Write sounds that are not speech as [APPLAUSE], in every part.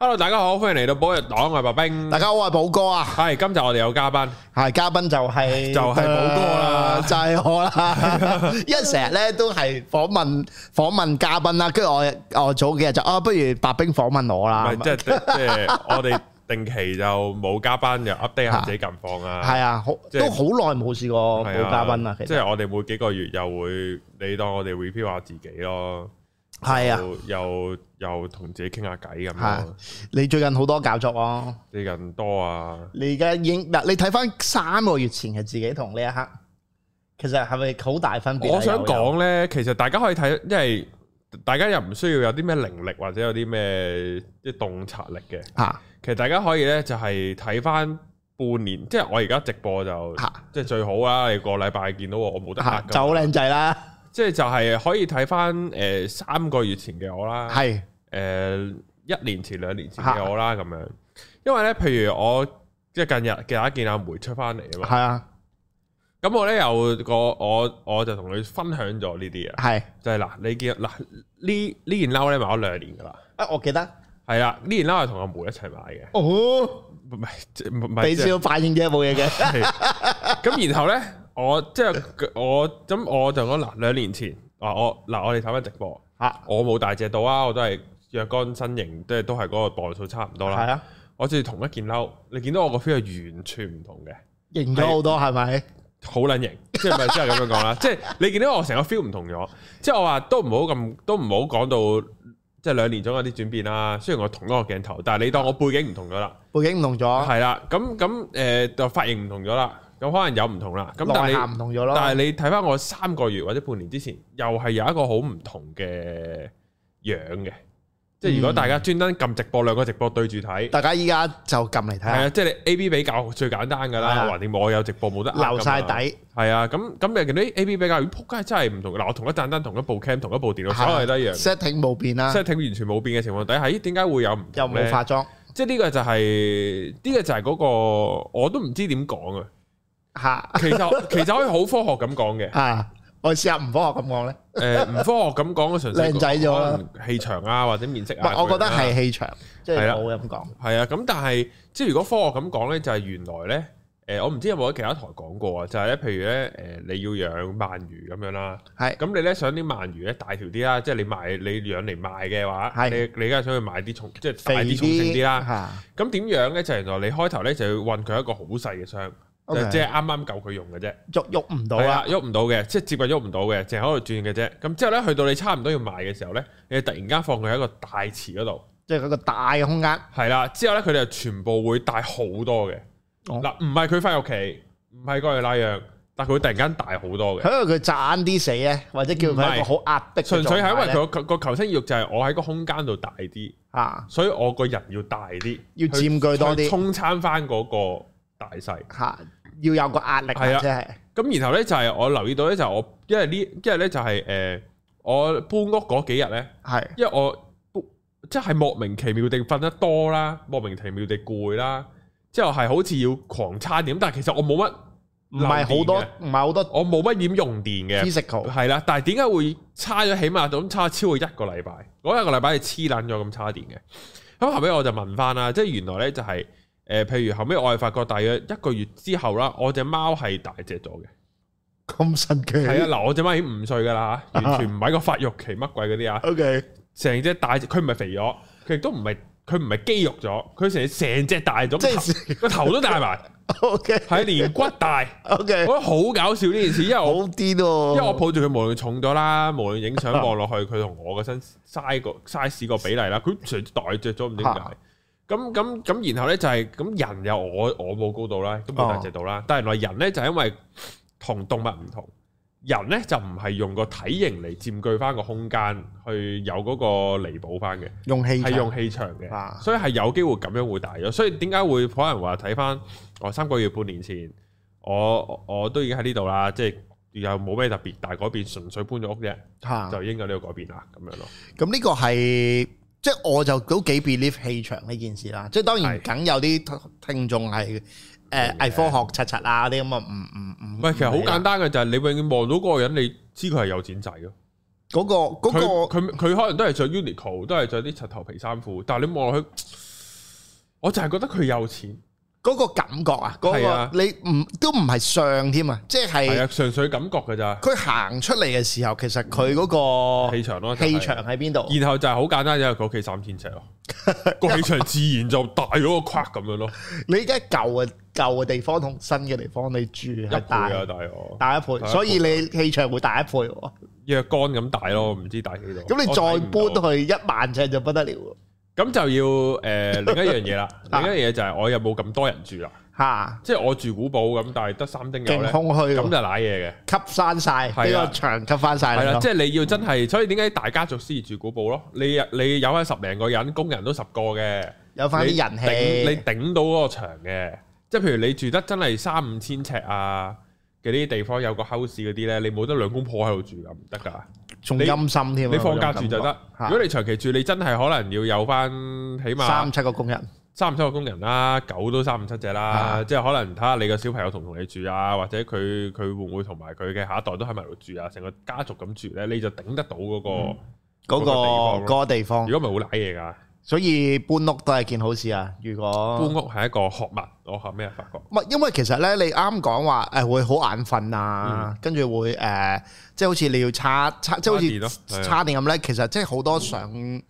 Hello，大家好，歡迎嚟到寶藥黨，我係白兵。大家好，我係寶哥啊。係,今集我哋有嘉賓。係，嘉賓就係，就係寶哥啦，就係我啦。因為成日呢,都係訪問，訪問嘉賓啦，係又啊，又又同自己傾下偈咁。係、啊，你最近好多搞作啊，最近多啊。你而家影嗱，你睇翻三個月前嘅自己同呢一刻，其實係咪好大分別啊？我想講咧，其實大家可以睇，因為大家又唔需要有啲咩靈力或者有啲咩即係洞察力嘅。吓、啊，其實大家可以咧就係睇翻半年，即係我而家直播就，啊、即係最好啊，你個禮拜見到我，我冇得拍㗎就好靚仔啦。即係就係可以睇翻誒，三個月前嘅我啦，係誒一年前兩年前嘅我啦咁樣，因為咧譬如我即係近日記得見一見阿梅出翻嚟啊嘛，係啊，咁我咧有個我我就同佢分享咗呢啲嘢，係是就係嗱，你見嗱呢呢件褸咧買咗兩年噶啦，啊我記得係啦，呢件褸係同阿梅一齊買嘅，哦唔係唔係你先發現嘢冇嘢嘅，咁是的 [LAUGHS] [LAUGHS] 然後咧。我即係我咁，我就講嗱，兩年前啊，我嗱，我哋睇翻直播吓，我冇大隻到啊，我都係若干身形，都係都係嗰個磅數差唔多啦。係啊，我着同一件褸，你見到我個 feel 係完全唔同嘅，型咗好多係咪？好捻型， [LAUGHS] 即係咪即係咁樣講啦？即係你見到我成個 feel 唔同咗，即係我話都唔好咁，都唔好講到即係兩年中有啲轉變啦。雖然我同一個鏡頭，但係你當我背景唔同咗啦，背景唔同咗，係啦、啊，咁咁誒，就髮型唔同咗啦。咁可能有唔同啦，咁但係唔同咗咯。但係你睇返我三個月或者半年之前，又係有一個好唔同嘅樣嘅。即係如果大家專登撳直播兩個直播對住睇、嗯，大家依家就撳嚟睇。係啊，即係 A B 比較最簡單㗎啦。橫掂的我有直播冇得流曬底。係啊，咁咁人哋 A B 比較，咦？撲街真係唔同。嗱，我同一盞燈同一部 cam 同一部電腦，所的的有都一樣 setting 冇變啦、啊，setting 完全冇變嘅情況底下，咦？點解會有又冇化妝？即係呢個就係、是、呢、呢個就係嗰、嗰個，我都唔知點講啊！吓， [LAUGHS] 其實其實可以好科學咁講嘅。吓、啊，我試下唔科學咁講咧。誒、 [LAUGHS] 呃，唔科學咁講嘅純粹靚仔啫。氣場啊，或者面色、啊，唔係，我覺得係氣場，即係冇咁講。係啊，咁的但係即係如果科學咁講咧，就係、是、原來咧，誒，我唔知有冇喺其他台講過啊，就係咧，譬如咧，誒，你要養鰻魚咁樣啦，係的，咁你咧想啲鰻魚咧大條啲啦，即、就、係、是、你賣，你養嚟賣嘅話，係的，你梗係想去買啲重，即係快啲、重正啲啦。咁點樣咧？就原來你開頭咧就要運佢一個好細嘅箱。即係啱啱夠佢用嘅啫，喐喐唔到啊，喐唔到嘅，即係接住喐唔到嘅，淨係喺度轉嘅啫。咁之後咧，去到你差唔多要賣嘅時候咧，你突然間放佢喺一個大池嗰度，即係嗰個大嘅空間。係啦，之後咧，佢哋就全部會大好多嘅。嗱、哦，唔係佢翻屋企，唔係過去拉樣，但係佢突然間大好多嘅。因為佢窄啲死咧，或者叫佢一個好壓迫。純粹係因為佢個個求生欲就係我喺個空間度大啲啊，所以我個人要大啲，要佔據多啲，去沖餐參翻嗰個大細。啊。要有個壓力啊！即係咁，就是、然後咧就係我留意到咧，就我因為呢，因為咧就係、是、誒、呃，我搬屋嗰幾日咧，係的因為我即係、就是、莫名其妙地瞓得多啦，莫名其妙地攰啦，之後係好似要狂叉電，但係其實我冇乜，唔係好多，唔係好多我 physical.，我冇乜點用電嘅，黐食球係啦。但係點解會叉咗？起碼咁叉超過一個禮拜，嗰一個禮拜係黐冷咗咁叉電嘅。咁後尾我就問翻啦，即係原來咧就係、是。誒、呃，譬如後尾我係發覺大約一個月之後啦，我隻貓係大隻咗嘅。咁神奇？係啊，嗱，我隻貓已經五歲噶啦，完全唔係個發育期乜鬼嗰啲啊。O K，成隻大隻，佢唔係肥咗，佢亦都唔係，佢唔係肌肉咗，佢成成隻大咗，個頭個 [LAUGHS] 頭都大埋。O K，係連骨大。O Okay . K，我覺得好搞笑呢件事，因為我好癲、喔、因為我抱住佢無論重咗啦，無論影相望落去，佢同我嘅身 size 個 size 個比例啦，佢成隻大隻咗，唔知點解。咁咁咁，然後咧就係、是、咁人又我我冇高度啦，都冇大隻度啦。哦、但係原來人咧就係、是、因為同動物唔同，人咧就唔係用個體型嚟佔據翻個空間，去有嗰個彌補翻嘅，用氣場係用氣場嘅、啊，所以係有機會咁樣會大咗。所以點解會可能話睇翻我三個月半年前，我我都已經喺呢度啦，即係又冇咩特別，但係嗰邊純粹搬咗屋啫，啊、就應該呢個改變啦，咁樣咯。咁呢個係。即係我就都幾 believe 氣場呢件事啦，即係當然梗有啲聽眾係誒，偽科學柴柴柴柴柴、柒柒啊啲咁啊，唔唔唔，唔、嗯、係，其實好簡單嘅就係你永遠望到嗰個人，你知佢係有錢仔咯。嗰、嗰個嗰、嗰個佢佢可能都係着 Uniqlo，都係着啲柒頭皮衫褲，但係你望落去，我就係覺得佢有錢。嗰個感覺啊，嗰、嗰個你唔都唔係上添啊，即係純粹感覺㗎咋。佢行出嚟嘅時候，其實佢嗰個氣場咯、就是， [MUSIC] 氣場喺邊度？ [MUSIC] 然後就係好簡單，因為佢屋企三千尺，個氣場自然就大咗個框咁樣咯。咄咄咄咄咄你而家舊嘅舊嘅地方同新嘅地方，你住大一大啊大大一倍，一倍，所以你氣場會大一倍。若幹咁大咯，唔知大幾多。咁你再搬去、哦、一萬尺就不得了。咁就要誒另一樣嘢啦，另一樣嘢、啊、就係我有冇咁多人住啦、啊？嚇、啊，即係我住古堡咁，但係得三丁有空虛咧，咁就揦嘢嘅，吸翻晒。呢的個牆吸翻晒。係啦的，即係、嗯、你要真係，所以點解大家族先住古堡咯？你你有翻十零個人，工人都十個嘅，有翻啲人氣你，你頂到嗰個牆嘅。即係譬如你住得真係三五千尺啊嘅啲地方，有個 house 嗰啲咧，你冇得兩公婆喺度住噶，唔得噶。仲陰心添、啊，你放假住就得。的如果你長期住，你真係可能要有翻起碼三五七個工人，三五七個工人啦，狗都三五七隻啦。的即係可能睇下你個小朋友同唔同你住啊，或者佢佢會唔會同埋佢嘅下一代都喺埋度住啊，成個家族咁住咧，你就頂得到嗰個、嗰個、嗯嗰個地方。如果唔係好賴嘢㗎。所以搬屋都係件好事啊！如果搬屋係一個學物，我學咩啊？發覺唔係，因為其實咧，你啱講話誒，會好眼瞓啊，嗯、跟住會誒、呃，即係好似你要叉叉，即係好似叉電咁咧。其實即係好多上，嗯、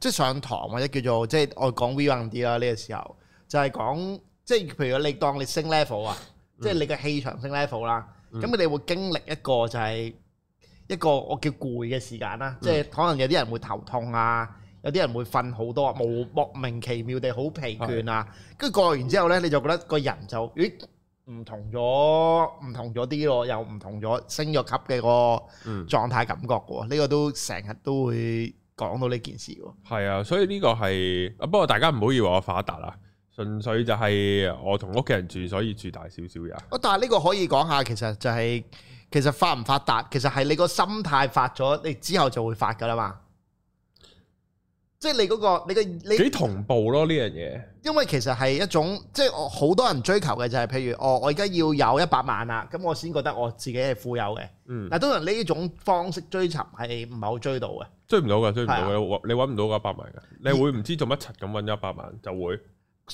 即係上堂或者叫做即係我講 V r n D 啦。呢個時候就係、是、講，即係譬如你當你升 level 啊，即係你嘅氣場升 level 啦，咁你哋會經歷一個就係一個我叫攰嘅時間啦。即係、嗯嗯、可能有啲人會頭痛啊。有啲人會瞓好多啊，無莫名其妙地好疲倦啊，跟住的過完之後咧，你就覺得個人就咦唔同咗，唔同咗啲咯，又唔同咗升咗級嘅個狀態感覺嘅喎，呢、嗯、個都成日都會講到呢件事喎。係啊，所以呢個係啊，不過大家唔好以為我發達啦，純粹就係我同屋企人住，所以住大少少啊，但係呢個可以講下，其實就係、是、其實發唔發達，其實係你個心態發咗，你之後就會發㗎啦嘛。即係你嗰、個，你嘅你幾同步咯呢樣嘢？因為其實係一種，即係我好多人追求嘅就係、是，譬如、哦、我我而家要有一百萬啦，咁我先覺得我自己係富有嘅。嗯，但係，當然呢種方式追尋係唔係好追到嘅？追唔到嘅，追唔、啊、到嘅，你揾唔到嗰一百萬嘅。你會唔知做乜柒咁揾一百萬就會？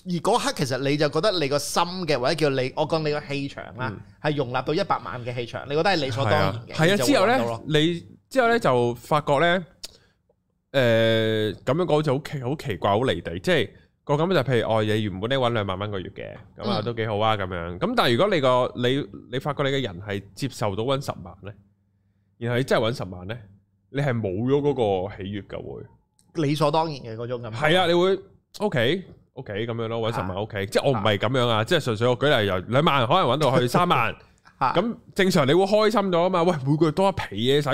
而嗰刻其實你就覺得你個心嘅或者叫你，我講你個氣場啦，係、嗯、容納到一百萬嘅氣場，你覺得係理所當然嘅。係啊，啊，之後咧你之後咧就發覺咧。呢誒，咁、呃、樣講好好奇好奇怪，好離地，即係個咁就譬如，哦，你原本你搵兩萬蚊個月嘅，咁啊都幾好啊，咁樣。咁但係如果你個你你發覺你嘅人係接受到搵十萬咧，然後你真係搵十萬咧，你係冇咗嗰個喜悦噶會，理所當然嘅嗰種咁。係啊，你會，ok，ok，、OK, OK, 咁樣咯，搵十萬、啊、，ok，即係我唔係咁樣啊，即係純粹我舉例由兩萬可能搵到去三萬，咁、啊啊、正常你會開心咗啊嘛，喂，每個月多一皮嘢使，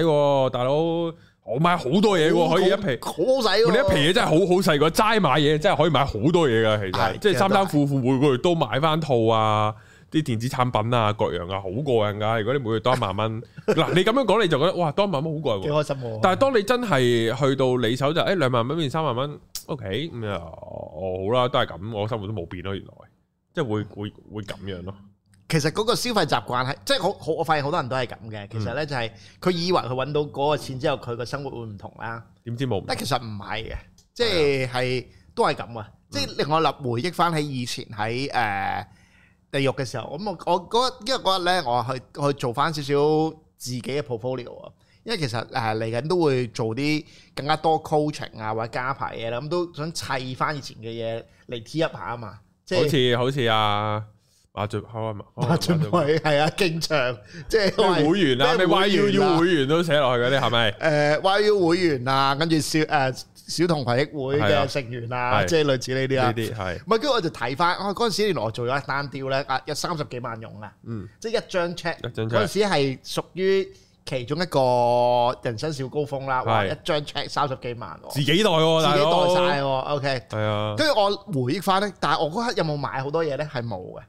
大佬。我買多好多嘢噶，可以一皮好一好使你一皮嘢真係好好使，個齋 [LAUGHS] 買嘢真係可以買好多嘢噶，其實。啊、即係三三褲褲，每個月都買翻套啊，啲電子產品啊，各樣啊，好過癮噶、啊。如果你每個月多一萬蚊，嗱， [LAUGHS] 你咁樣講你就覺得哇，多一萬蚊好過癮、啊。幾開心喎。但係當你真係去到你手就誒兩、欸、萬蚊變三萬蚊，OK 咁、嗯、啊，哦、嗯嗯嗯嗯，好啦，都係咁，我，我生活都冇變咯，原來即係會會會咁樣咯。其實嗰個消費習慣係即係好好，我發現好多人都係咁嘅。嗯、其實咧就係佢以為佢揾到嗰個錢之後，佢個生活會唔同啦。點知冇？但其實唔係嘅，即係係都係咁啊。嗯、即係令我立回憶翻喺以前喺誒地獄嘅時候。咁我我嗰因為嗰日咧，我去去做翻少少自己嘅 portfolio 啊。因為其實誒嚟緊都會做啲更加多 coaching 啊，或者加排嘢啦。咁都想砌翻以前嘅嘢嚟 t 一下像、就是、啊嘛。即係好似好似啊～阿俊，係嘛？阿俊偉係啊，經常即係會員啦，你 YUU 會員都寫落去嗰啲係咪？誒，YUU 會員啊，跟住小誒小童群益會嘅成員啊，即係類似呢啲啊，呢啲係。唔係，跟住我就睇翻，我嗰陣時原來我做咗單 deal 咧，啊，有三十幾萬用啊，嗯，即係一張 check，嗰陣時係屬於其中一個人生小高峰啦，哇，一張 check 三十幾萬，自己袋喎，自己袋晒喎，OK，係啊。跟住我回憶翻咧，但係我嗰刻有冇買好多嘢咧？係冇嘅。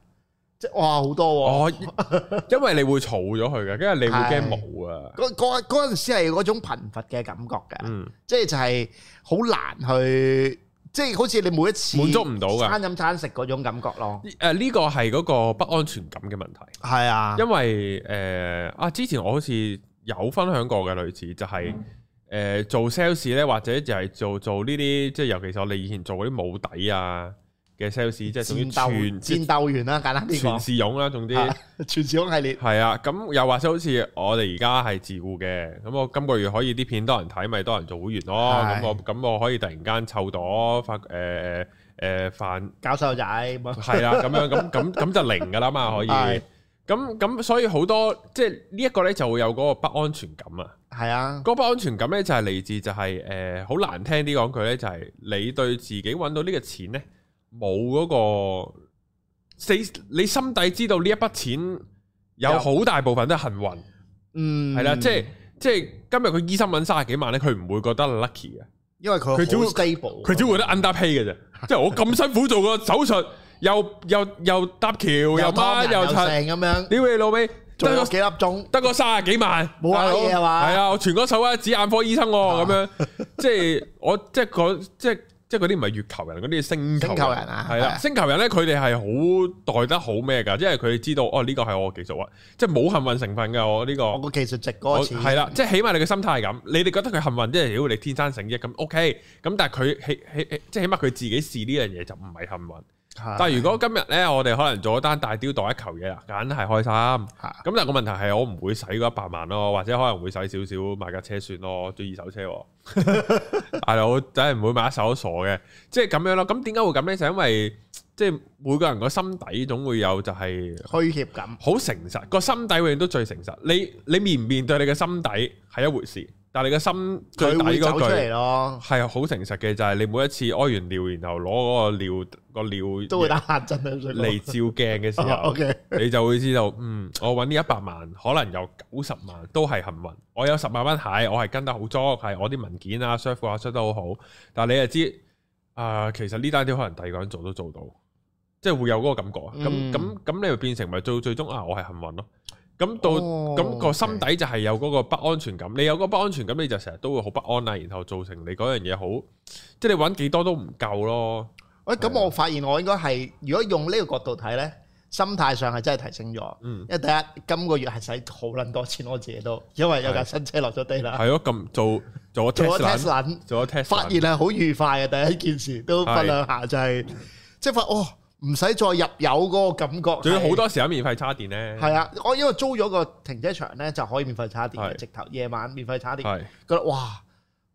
即係哇，好多、啊、哦 [LAUGHS] 因！因為你會儲咗佢嘅，跟住你會驚冇啊。嗰嗰嗰陣時係嗰種貧乏嘅感覺嘅，即係、嗯、就係好難去，即、就、係、是、好似你每一次滿足唔到嘅餐飲餐飲食嗰種感覺咯。誒、啊，呢個係嗰個不安全感嘅問題。係啊，因為誒、呃、啊，之前我好似有分享過嘅類似，就係、是、誒、嗯呃、做 sales 咧，或者就係做做呢啲，即係尤其是我哋以前做嗰啲冇底啊。嘅 sales 即係算全戰鬥員啦、啊，簡單啲講，全使勇啦，總之 [LAUGHS] 全使勇系列係啊。咁又或者好似我哋而家係自雇嘅，咁我今個月可以啲片多人睇，咪多人做會員咯。咁、啊、我咁我可以突然間湊到發誒誒煩搞細路仔係啦，咁、啊、樣咁咁咁就零噶啦嘛，可以咁咁， [LAUGHS] 啊、所以好多即係呢一個咧就會有嗰個不安全感啊。係啊，嗰個不安全感咧就係嚟自就係誒好難聽啲講句咧，就係你對自己揾到呢個錢咧。冇嗰個，你你心底知道呢一筆錢有好大部分都係幸運，嗯，係啦，即係即係今日佢醫生搵卅幾萬咧，佢唔會覺得 lucky 嘅，因為佢佢只會佢只會得 underpay 嘅啫，即係我咁辛苦做個手術，又又又搭橋，又孖又成咁樣，你喂老尾得咗幾粒鐘，得個卅幾萬，冇話嘢係嘛，係啊，我全嗰手啊，指眼科醫生咁樣，即係我即係即係。即係嗰啲唔係月球人，嗰啲星球人係啊，星球人咧，佢哋係好待得好咩噶？即係佢知道哦，呢個係我技術，即係冇幸運成分噶，我呢個。我技術個技術值嗰錢係啦，即係起碼你嘅心態係咁。你哋覺得佢幸運，即係如果你天生成嘅咁 OK，咁但係佢起起即係起碼佢自己試呢樣嘢就唔係幸運。但係如果今日咧，我哋可能做一單大鵰袋一球嘢，梗係開心。咁的但係個問題係，我唔會使嗰一百萬咯，或者可能會使少少買架車算咯，追二手車。大佬梗係唔會買一手傻嘅，即係咁樣咯。咁點解會咁咧？就是、因為即係每個人個心底總會有就係虛怯感，好誠實。個心底永遠都最誠實。你你面唔面對你嘅心底係一回事。但係你嘅心最底嗰句，係好誠實嘅，就係你每一次屙完尿，然後攞嗰個尿個尿，都會打冷震嚟照鏡嘅時候，你就會知道，嗯，我揾呢一百萬，可能有九十萬都係幸運。我有十萬蚊蟹，我係跟得好足，係我啲文件啊、search 啊、search 都好好。但係你就知，啊，其實呢單啲可能第二個人做都做到，即係會有嗰個感覺。咁咁咁，你又變成咪最最終啊，我係幸運咯。咁到咁個心底就係有嗰個不安全感，Okay. 你有嗰不安全感，你就成日都會好不安啊，然後造成你嗰樣嘢好，即係你搵幾多都唔夠咯。喂、嗯，咁我發現我應該係，如果用呢個角度睇咧，心態上係真係提升咗。嗯，因為第一今個月係使好撚多錢，我自己都，因為有架新車落咗地啦。係咯，咁、嗯、做做咗 test run，做咗 test，發現係好愉快嘅第一件事，都分享下就係、是，即係發哦。唔使再入油嗰個感覺，仲要好多時候免費叉電呢？係啊，我因為租咗個停車場呢，就可以免費叉電，是直頭夜晚免費叉電，是覺得哇，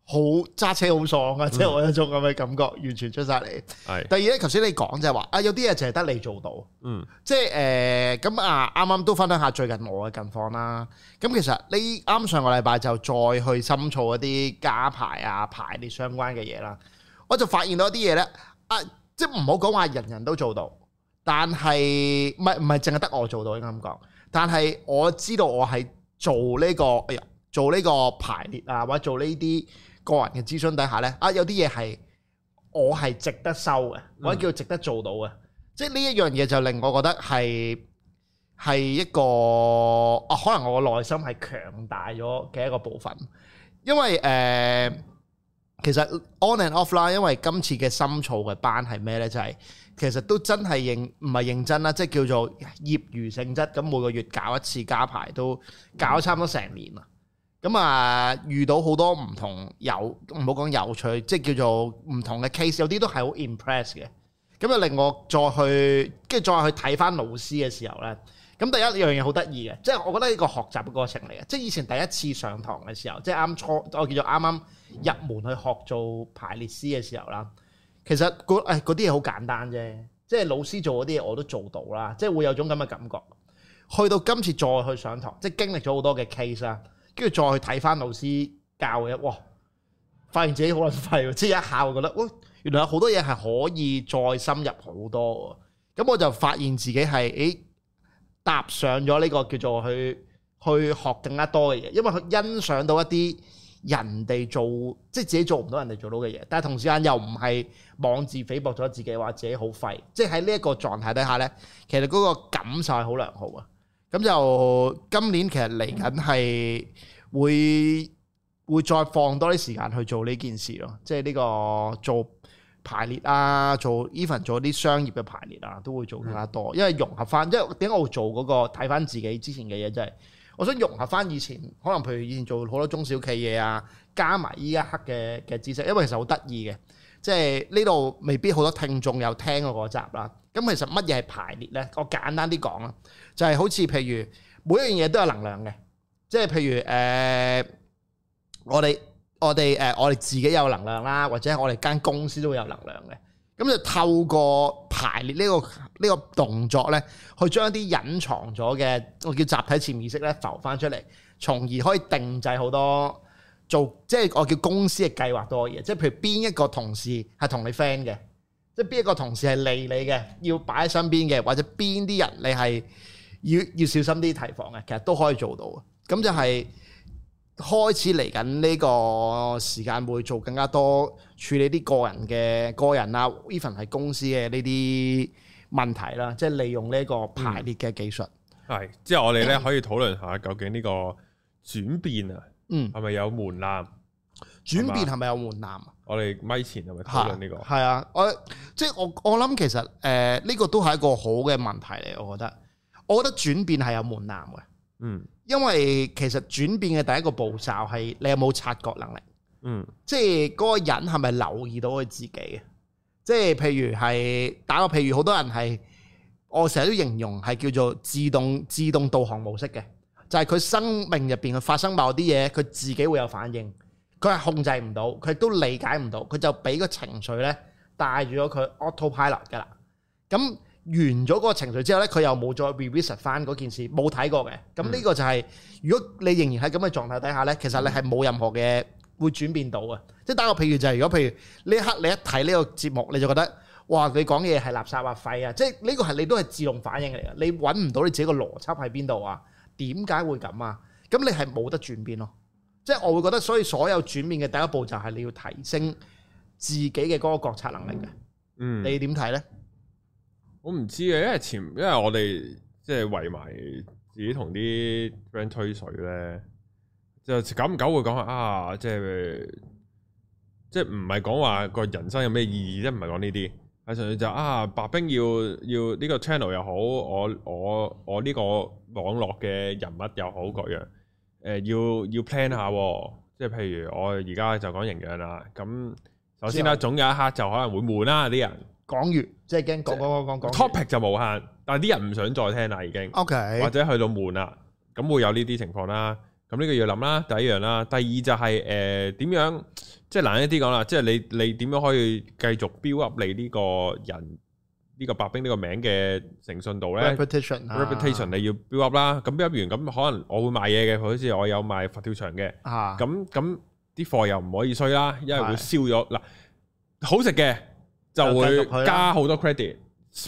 好揸車好爽啊！即係、嗯、我有種咁嘅感覺，完全出晒嚟。嗯、第二呢，頭先你講就係話啊，有啲嘢淨係得你做到。嗯。即係誒，咁、呃、啊，啱啱都分享下最近我嘅近況啦。咁其實你啱上個禮拜就再去深造一啲加牌啊，排列相關嘅嘢啦，我就發現到一啲嘢呢。啊。啊即唔好講話人人都做到，但係唔係唔係淨係得我做到應該咁講。但係我知道我係做呢、呢個，哎、呀做呢個排列啊，或者做呢啲個人嘅諮詢底下呢，啊有啲嘢係我係值得收嘅，或者叫值得做到嘅。嗯、即係呢一樣嘢就令我覺得係係一個、啊，可能我內心係強大咗嘅一個部分，因為誒。呃其實 on and off 啦，因為今次嘅深造嘅班係咩呢？就係、是、其實都真係認唔係認真啦，即係叫做業餘性質。咁每個月搞一次加排，都搞咗差唔多成年啦。咁、嗯、啊，遇到好多唔同有唔好講有趣，即係叫做唔同嘅 case，有啲都係好 impress 嘅。咁啊，令我再去跟住再去睇翻老師嘅時候呢。咁第一樣嘢好得意嘅，即係我覺得呢個學習嘅過程嚟嘅。即係以前第一次上堂嘅時候，即係啱初我叫做啱啱入門去學做排列師嘅時候啦。其實嗰啲嘢好簡單啫，即係老師做嗰啲嘢我都做到啦。即係會有種咁嘅感覺。去到今次再去上堂，即係經歷咗好多嘅 case 啦，跟住再去睇翻老師教嘅，哇！發現自己好撚廢喎，即係一下會覺得，哇！原來有好多嘢係可以再深入好多嘅。咁我就發現自己係誒。欸踏上咗呢個叫做去去學更加多嘅嘢，因為佢欣賞到一啲人哋做，即係自己做唔到人哋做到嘅嘢。但係同時間又唔係妄自菲薄咗自己話自己好廢，即係喺呢一個狀態底下咧，其實嗰個感受係好良好啊。咁就今年其實嚟緊係會會再放多啲時間去做呢件事咯，即係呢個做。排列啊，做 even 做啲商業嘅排列啊，都會做更加多，因為融合翻，因為點解我會做嗰個睇翻自己之前嘅嘢，即係我想融合翻以前可能譬如以前做好多中小企業啊，加埋依一刻嘅嘅知識，因為其實好得意嘅，即係呢度未必好多聽眾有聽過嗰集啦。咁其實乜嘢係排列呢？我簡單啲講啊，就係好似譬如每一樣嘢都有能量嘅，即係譬如誒我哋。我哋誒，我哋自己有能量啦，或者我哋間公司都會有能量嘅。咁就透過排列呢、呢個呢、呢個動作呢，去將一啲隱藏咗嘅我叫集體潛意識呢，浮翻出嚟，從而可以定製好多做即係我叫公司嘅計劃多嘢。即係譬如邊一個同事係同你 friend 嘅，即係邊一個同事係利你嘅，要擺喺身邊嘅，或者邊啲人你係要要小心啲提防嘅，其實都可以做到嘅。咁就係、是。開始嚟緊呢個時間會做更加多處理啲個人嘅個人啊 even 係公司嘅呢啲問題啦，即係利用呢個排列嘅技術。係、嗯，即係我哋咧可以討論下究竟呢個轉變啊，嗯，係咪有門檻？嗯、吧轉變係咪有門檻？我哋咪前係咪討論呢、呢個？係啊，啊，我即係我我諗其實誒呢、呃呢個都係一個好嘅問題嚟，我覺得，我覺得轉變係有門檻嘅。嗯，因為其實轉變嘅第一個步驟係你有冇察覺能力，嗯，即係嗰個人係咪留意到佢自己嘅？即係譬如係打個譬如，好多人係我成日都形容係叫做自動自動導航模式嘅，就係佢生命入邊佢發生某啲嘢，佢自己會有反應，佢係控制唔到，佢都理解唔到，佢就俾個情緒呢帶住咗佢 autopilot 噶啦，咁。完咗嗰個情緒之後呢，佢又冇再 revisit 翻嗰件事，冇睇過嘅。咁呢個就係，如果你仍然喺咁嘅狀態底下呢，其實你係冇任何嘅會轉變到嘅。即係打個譬如就係，如果譬如呢一刻你一睇呢個節目，你就覺得哇，你講嘢係垃圾啊、啊、廢啊！即係呢個係你都係自動反應嚟嘅，你揾唔到你自己個邏輯喺邊度啊？點解會咁啊？咁你係冇得轉變咯。即係我會覺得，所以所有轉變嘅第一步就係你要提升自己嘅嗰個覺察能力嘅。嗯、你點睇呢？我唔知嘅，因為前因為我哋即係圍埋自己同啲 friend 吹水咧，就久唔久會講話啊，即係即係唔係講話個人生有咩意義啫？唔係講呢啲，係純粹就啊白兵要要呢個 channel 又好，我我我呢個網絡嘅人物又好各樣，誒要要 plan 下喎，即係譬如我而家就講營養啦，咁首先啦，之後總有一刻就可能會悶啦啲人。講完即係驚講講講講，topic 就無限，但係啲人唔想再聽啦，已經。OK，或者去到悶啦，咁會有呢啲情況啦。咁呢個要諗啦，第一樣啦，第二就係誒點樣即係難一啲講啦，即係你你點樣可以繼續 build up 你呢個人呢個白兵呢個名嘅誠信度咧？Reputation，reputation 你要 build up 啦，咁 build up 完咁可能我會賣嘢嘅，好似我有賣佛跳牆嘅，咁咁啲貨又唔可以衰啦，因為會燒咗，嗱好食嘅。就會加好多 credit，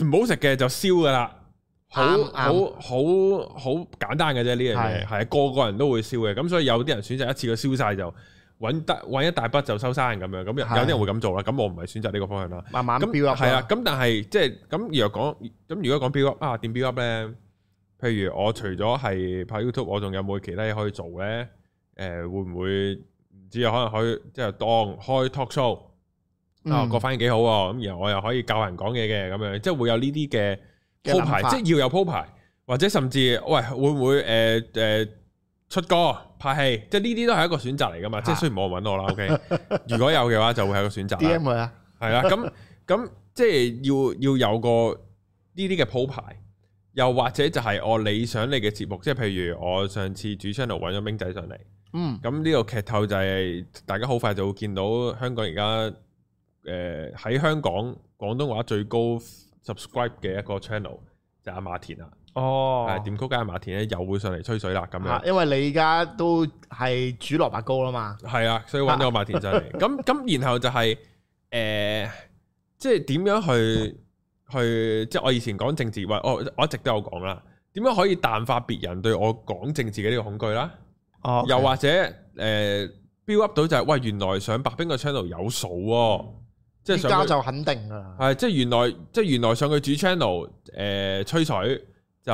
唔好食嘅就燒噶啦，好好好好簡單嘅啫呢樣嘢，係個對對個人都會燒嘅，咁所以有啲人選擇一次嘅燒晒就揾一大筆就收山咁樣，咁有啲對人會咁做啦，咁我唔係選擇呢個方向啦，對那慢慢 build up，係啊，咁但係即係咁若講咁如果講 build up 啊點 build up 咧？譬如我除咗係拍 YouTube，我仲有冇其他嘢可以做咧？誒、呃，會唔會唔知可能可以即係、就是、當開 talk show？啊，個反應幾好喎！咁然後我又可以教人講嘢嘅，咁樣即係會有呢啲嘅鋪排，嗯、即係要有鋪排，或者甚至喂會唔會誒誒、呃呃、出歌拍戲，即係呢啲都係一個選擇嚟噶嘛！啊、即係雖然冇人揾我啦，OK， [LAUGHS] 如果有嘅話就會係一個選擇。D M [LAUGHS] 啊，係啦，咁咁即係要要有個呢啲嘅鋪排，又或者就係我理想你嘅節目，即係譬如我上次主 channel 揾咗冰仔上嚟，咁呢、嗯、個劇透就係、是、大家好快就會見到香港而家。誒喺、呃、香港廣東話最高 subscribe 嘅一個 channel 就係阿馬田啦，哦，點曲街阿馬田咧又會上嚟吹水啦咁樣，因為你而家都係煮蘿蔔糕啦嘛，係啊，啊，所以揾咗馬田上嚟。咁咁、啊、然後就係、是、誒、 [LAUGHS] 呃，即係點樣去去即係我以前講政治喂、呃，我我一直都有講啦，點樣可以淡化別人對我講政治嘅呢個恐懼啦？哦，okay。又或者誒、呃、，build up 到就係、是、喂，原來上白兵嘅 channel 有數喎、哦。嗯即係依家就肯定噶啦，係即係原來即係原來上佢主 channel，誒、呃、吹水就、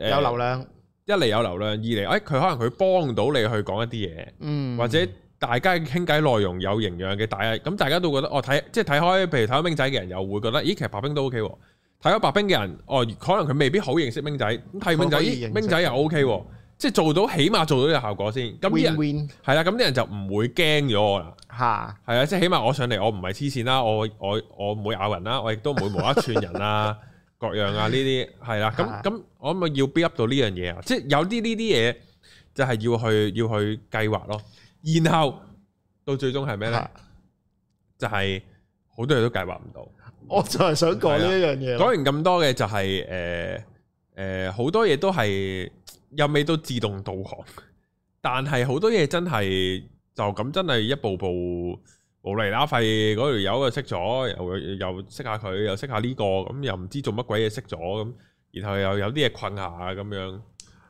呃、有流量，一嚟有流量，二嚟誒佢可能佢幫到你去講一啲嘢，嗯，或者大家傾偈內容有營養嘅，大咁大家都覺得哦睇，即係睇開，譬如睇開冰仔嘅人又會覺得，咦其實白兵都 OK，睇開白兵嘅人哦，可能佢未必好認識冰仔，咁睇冰仔，冰仔又 OK。即係做到，起碼做到呢個效果先。咁啲人係啦，咁啲、啊、人就唔會驚咗我啦。嚇係 Ha. 啊！即係起碼我上嚟，我唔係黐線啦，我我我唔會咬人啦，我亦都唔會無一串人啊， [LAUGHS] 各樣啊呢啲係啦。咁咁、啊啊，我咪要 build up 到呢樣嘢啊！即係有啲呢啲嘢就係要去要去計劃咯。然後到最終係咩咧？Ha. 就係好多嘢都計劃唔到。我就係想講呢一樣嘢、啊。講完咁多嘅就係、是、誒。呃誒，好、呃、多嘢都係又未都自動導航，但係好多嘢真係就咁真係一步步無嚟啦廢。嗰條友又識咗，又又識下佢，又識下呢、這個，咁又唔知做乜鬼嘢識咗，咁然後又有啲嘢困下咁樣，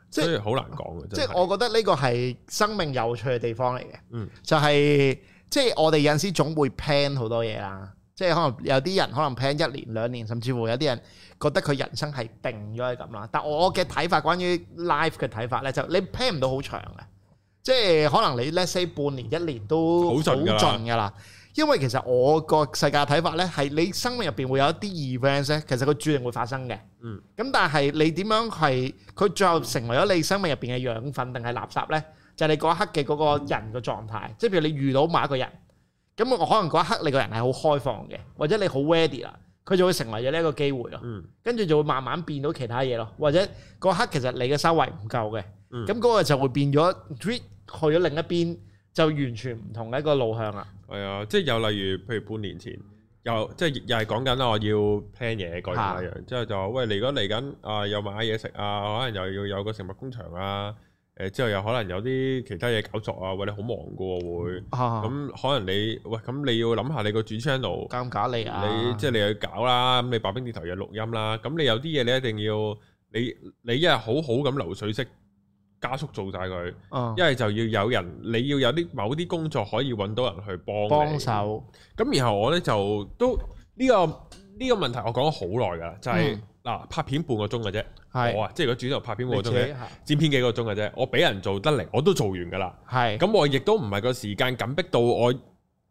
即所以好難講嘅。即係我覺得呢個係生命有趣嘅地方嚟嘅，嗯，就係即係我哋有陣時總會 plan 好多嘢啦。即係可能有啲人可能 plan 一年兩年，甚至乎有啲人覺得佢人生係定咗係咁啦。但我嘅睇法，關於 life 嘅睇法咧，就你 plan 唔到好長嘅。即係可能你 let's say 半年一年都好盡㗎啦。因為其實我個世界睇法咧，係你生命入邊會有一啲 event 咧，其實佢注定會發生嘅。嗯。咁但係你點樣係佢最後成為咗你生命入邊嘅養分定係垃圾咧？就係你嗰一刻嘅嗰個人嘅狀態。即係譬如你遇到某一個人。咁我可能嗰一刻你個人係好開放嘅，或者你好 ready 啦，佢就會成為咗呢一個機會咯。嗯、跟住就會慢慢變到其他嘢咯，或者嗰刻其實你嘅收穫唔夠嘅，咁嗰、嗯、個就會變咗 trip、嗯、去咗另一邊，就完全唔同嘅一個路向啦。係啊、哎，即係又例如，譬如半年前，嗯、又即係又係講緊我要 plan 嘢嗰啲樣，之後、啊、就話喂你如果嚟緊啊，又買嘢食啊，可能又要有，又要有個食物工場啊。誒之後有可能有啲其他嘢搞作、哎、啊，或者好忙嘅會。咁可能你喂，咁你要諗下你個主 channel 你、啊、你即係你去搞啦，咁你白兵電台有錄音啦，咁你有啲嘢你一定要，你你一係好好咁流水式加速做晒佢，一係、啊、就要有人你要有啲某啲工作可以揾到人去幫你幫手。咁然後我咧就都呢、這個呢、這個問題我講咗好耐㗎啦，就係、是。嗯嗱，拍片半個鐘嘅啫，我啊即係如果主要拍片半個鐘咧，剪片幾個鐘嘅啫，我俾人做得嚟，我都做完噶啦。係咁，我亦都唔係個時間緊逼到我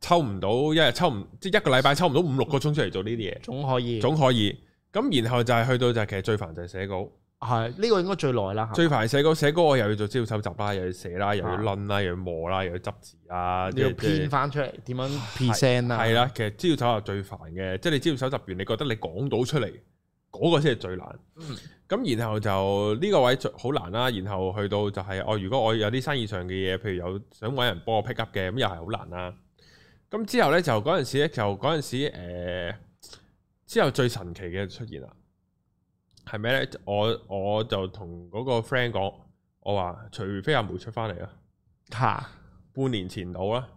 抽唔到，一日抽唔即係一個禮拜抽唔到五六個鐘出嚟做呢啲嘢，總可以，總可以。咁然後就係去到就係其實最煩就係寫稿，係呢個應該最耐啦。最煩係寫稿，寫稿我又要做資料搜集啦，又要寫啦，又要撚啦，又要磨啦，又要執字啊，要編翻出嚟點樣 present 啦。係啦，其實資料搜集最煩嘅，即係你資料搜集完，你覺得你講到出嚟。嗰個先係最難，咁、嗯、然後就呢、呢個位最好難啦、啊。然後去到就係、是、我、哦，如果我有啲生意上嘅嘢，譬如有想揾人幫我 pick up 嘅，e 咁又係好難啦、啊。咁、嗯、之後呢，就嗰陣時咧就嗰陣時、呃、之後最神奇嘅出現啦，係咩呢？我我就同嗰個 friend 講，我話除非阿梅出翻嚟啊，嚇，半年前到啦，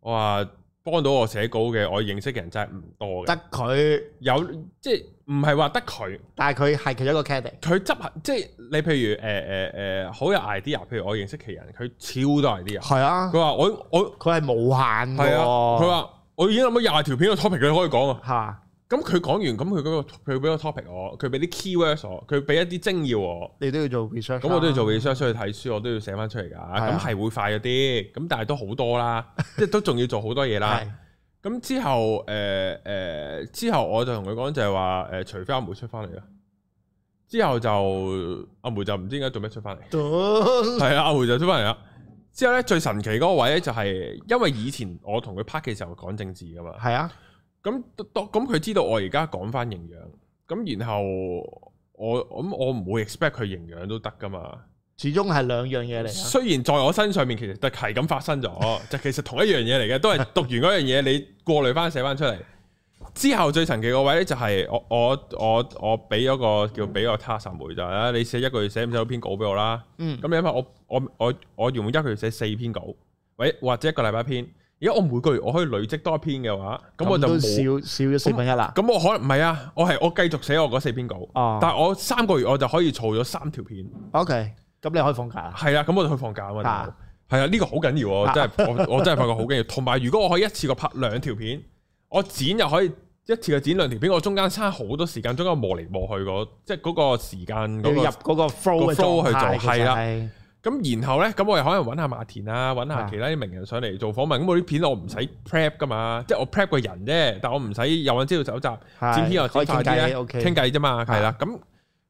我話。幫到我寫稿嘅，我認識嘅人真係唔多嘅。得佢他有即係，唔係話得佢，但係佢係其中一個 candidate。佢執行即係，你譬如誒誒誒，好有 idea。譬如我認識其人，佢超多 idea。係啊，佢話我我佢係無限。係啊，佢話我已經諗到廿條片嘅 topic，你可以講啊。咁佢講完，咁佢嗰個佢俾個 topic 我，words，我，我，佢俾啲 key words 我，佢俾一啲精要我，你都要做 research，咁、er，我都要做 research，出、er，去睇對 書，我都要寫翻出嚟噶，咁係對 會快一啲，咁但係都好多啦， [LAUGHS] 即係都仲要做好多嘢啦。咁是的 之後誒誒、呃呃、之後我就同佢講就係話誒除非阿梅出翻嚟啦，之後就阿梅就唔知點解做咩出翻嚟，係 [LAUGHS] 阿梅就出翻嚟啦。之後咧最神奇嗰個位就係因為以前我同佢拍嘅時候講政治噶嘛，係啊。咁咁佢知道我而家講翻營養，咁然後我我我唔會 expect 佢營養都得噶嘛。始終係兩樣嘢嚟。雖然在我身上面，其實係咁發生咗， [LAUGHS] 就其實同一樣嘢嚟嘅，都係讀完嗰樣嘢，你過濾翻寫翻出嚟 [LAUGHS] 之後，最神奇個位咧就係我我我我俾咗個叫俾個 task 會就係咧，嗯、你寫一個月寫唔寫到篇稿俾我啦？嗯，咁因為我我我我用一個月寫四篇稿，喂或者一個禮拜一篇。如果我每個月我可以累積多一篇嘅話，咁我就少少咗四分一啦。咁我可能唔係啊，我係我繼續寫我嗰四篇稿。但係我三個月我就可以儲咗三條片。OK，咁你可以放假。係啊，咁我就去放假啊嘛。係啊，呢個好緊要啊！真係，我真係發覺好緊要。同埋，如果我可以一次過拍兩條片，我剪又可以一次過剪兩條片，我中間差好多時間，中間磨嚟磨去嗰，即係嗰個時間。你入嗰個 flow 去做，係啦。咁然後咧，咁我又可能揾下馬田啊，揾下其他啲名人上嚟做訪問。咁是的 我啲片我唔使 prep 㗎嘛，嗯、即係我 prep 個人啫。但我唔使又揾資料搜集，剪片的又剪快啲咧，傾偈啫嘛。係啦行，咁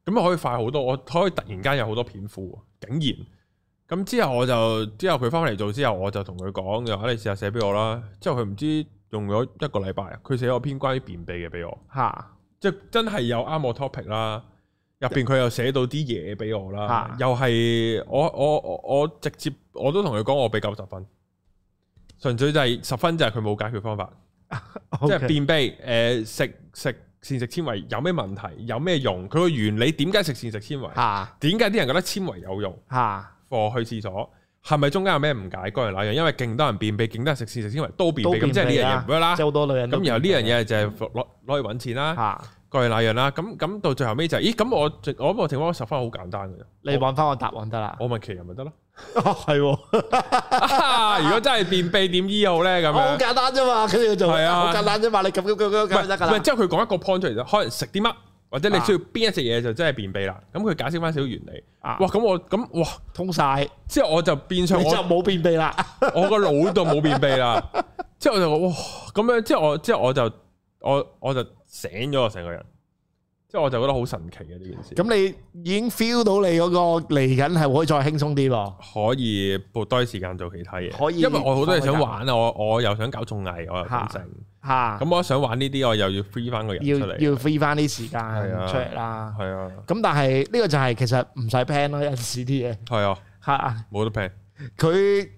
咁、啊、可以快好多。我可以突然間有好多片庫，竟然咁之後我就之後佢翻嚟做之後，我就同佢講，就話你試下寫俾我啦。之後佢唔知用咗一個禮拜，佢寫咗篇關於便秘嘅俾我。嚇的！即係真係有啱我 topic 啦。入邊佢又寫到啲嘢俾我啦，啊、又係我我我,我直接我都同佢講我俾九十分，純粹就係十分就係佢冇解決方法，即係、啊 okay, 便秘，誒、呃、食食膳食纖維有咩問題，有咩用？佢個原理點解食膳食纖維？點解啲人覺得纖維有用？吓、啊，放、啊、去廁所係咪中間有咩唔解？個人鬧人，因為勁多人便秘，勁多人食膳食纖維都便秘，咁即係呢樣嘢唔得啦，好、啊、多女人。咁然後呢樣嘢就係攞攞去搵錢啦。啊啊啊啊啊個係那樣啦，咁咁到最後尾就，咦？咁我我嗰個情況十分好簡單嘅。你揾翻我答案得啦。我問其人咪得咯。係。如果真係便秘點醫好咧？咁樣好簡單啫嘛，跟住做。係啊。好簡單啫嘛，你撳撳撳撳撳得㗎啦。唔係，之後佢講一個 point 出嚟就可能食啲乜，或者你需要邊一隻嘢就真係便秘啦。咁佢解釋翻少少原理。哇！咁我咁哇通晒。之後我就變相，我就冇便秘啦。我個腦都冇便秘啦。之後我就哇咁樣，之後我之後我就我我就。醒咗我成個人，即係我就覺得好神奇嘅呢件事。咁你已經 feel 到你嗰個嚟緊係可以再輕鬆啲咯。可以撥多啲時間做其他嘢。可以。因為我好多嘢想玩啊，我我又想搞綜藝，我又想整。嚇。咁我想玩呢啲，我又要 free 翻個人要 free 翻啲時間出嚟啦。係啊。咁但係呢個就係其實唔使 plan 咯，有陣時啲嘢。係啊。嚇。冇得 plan。佢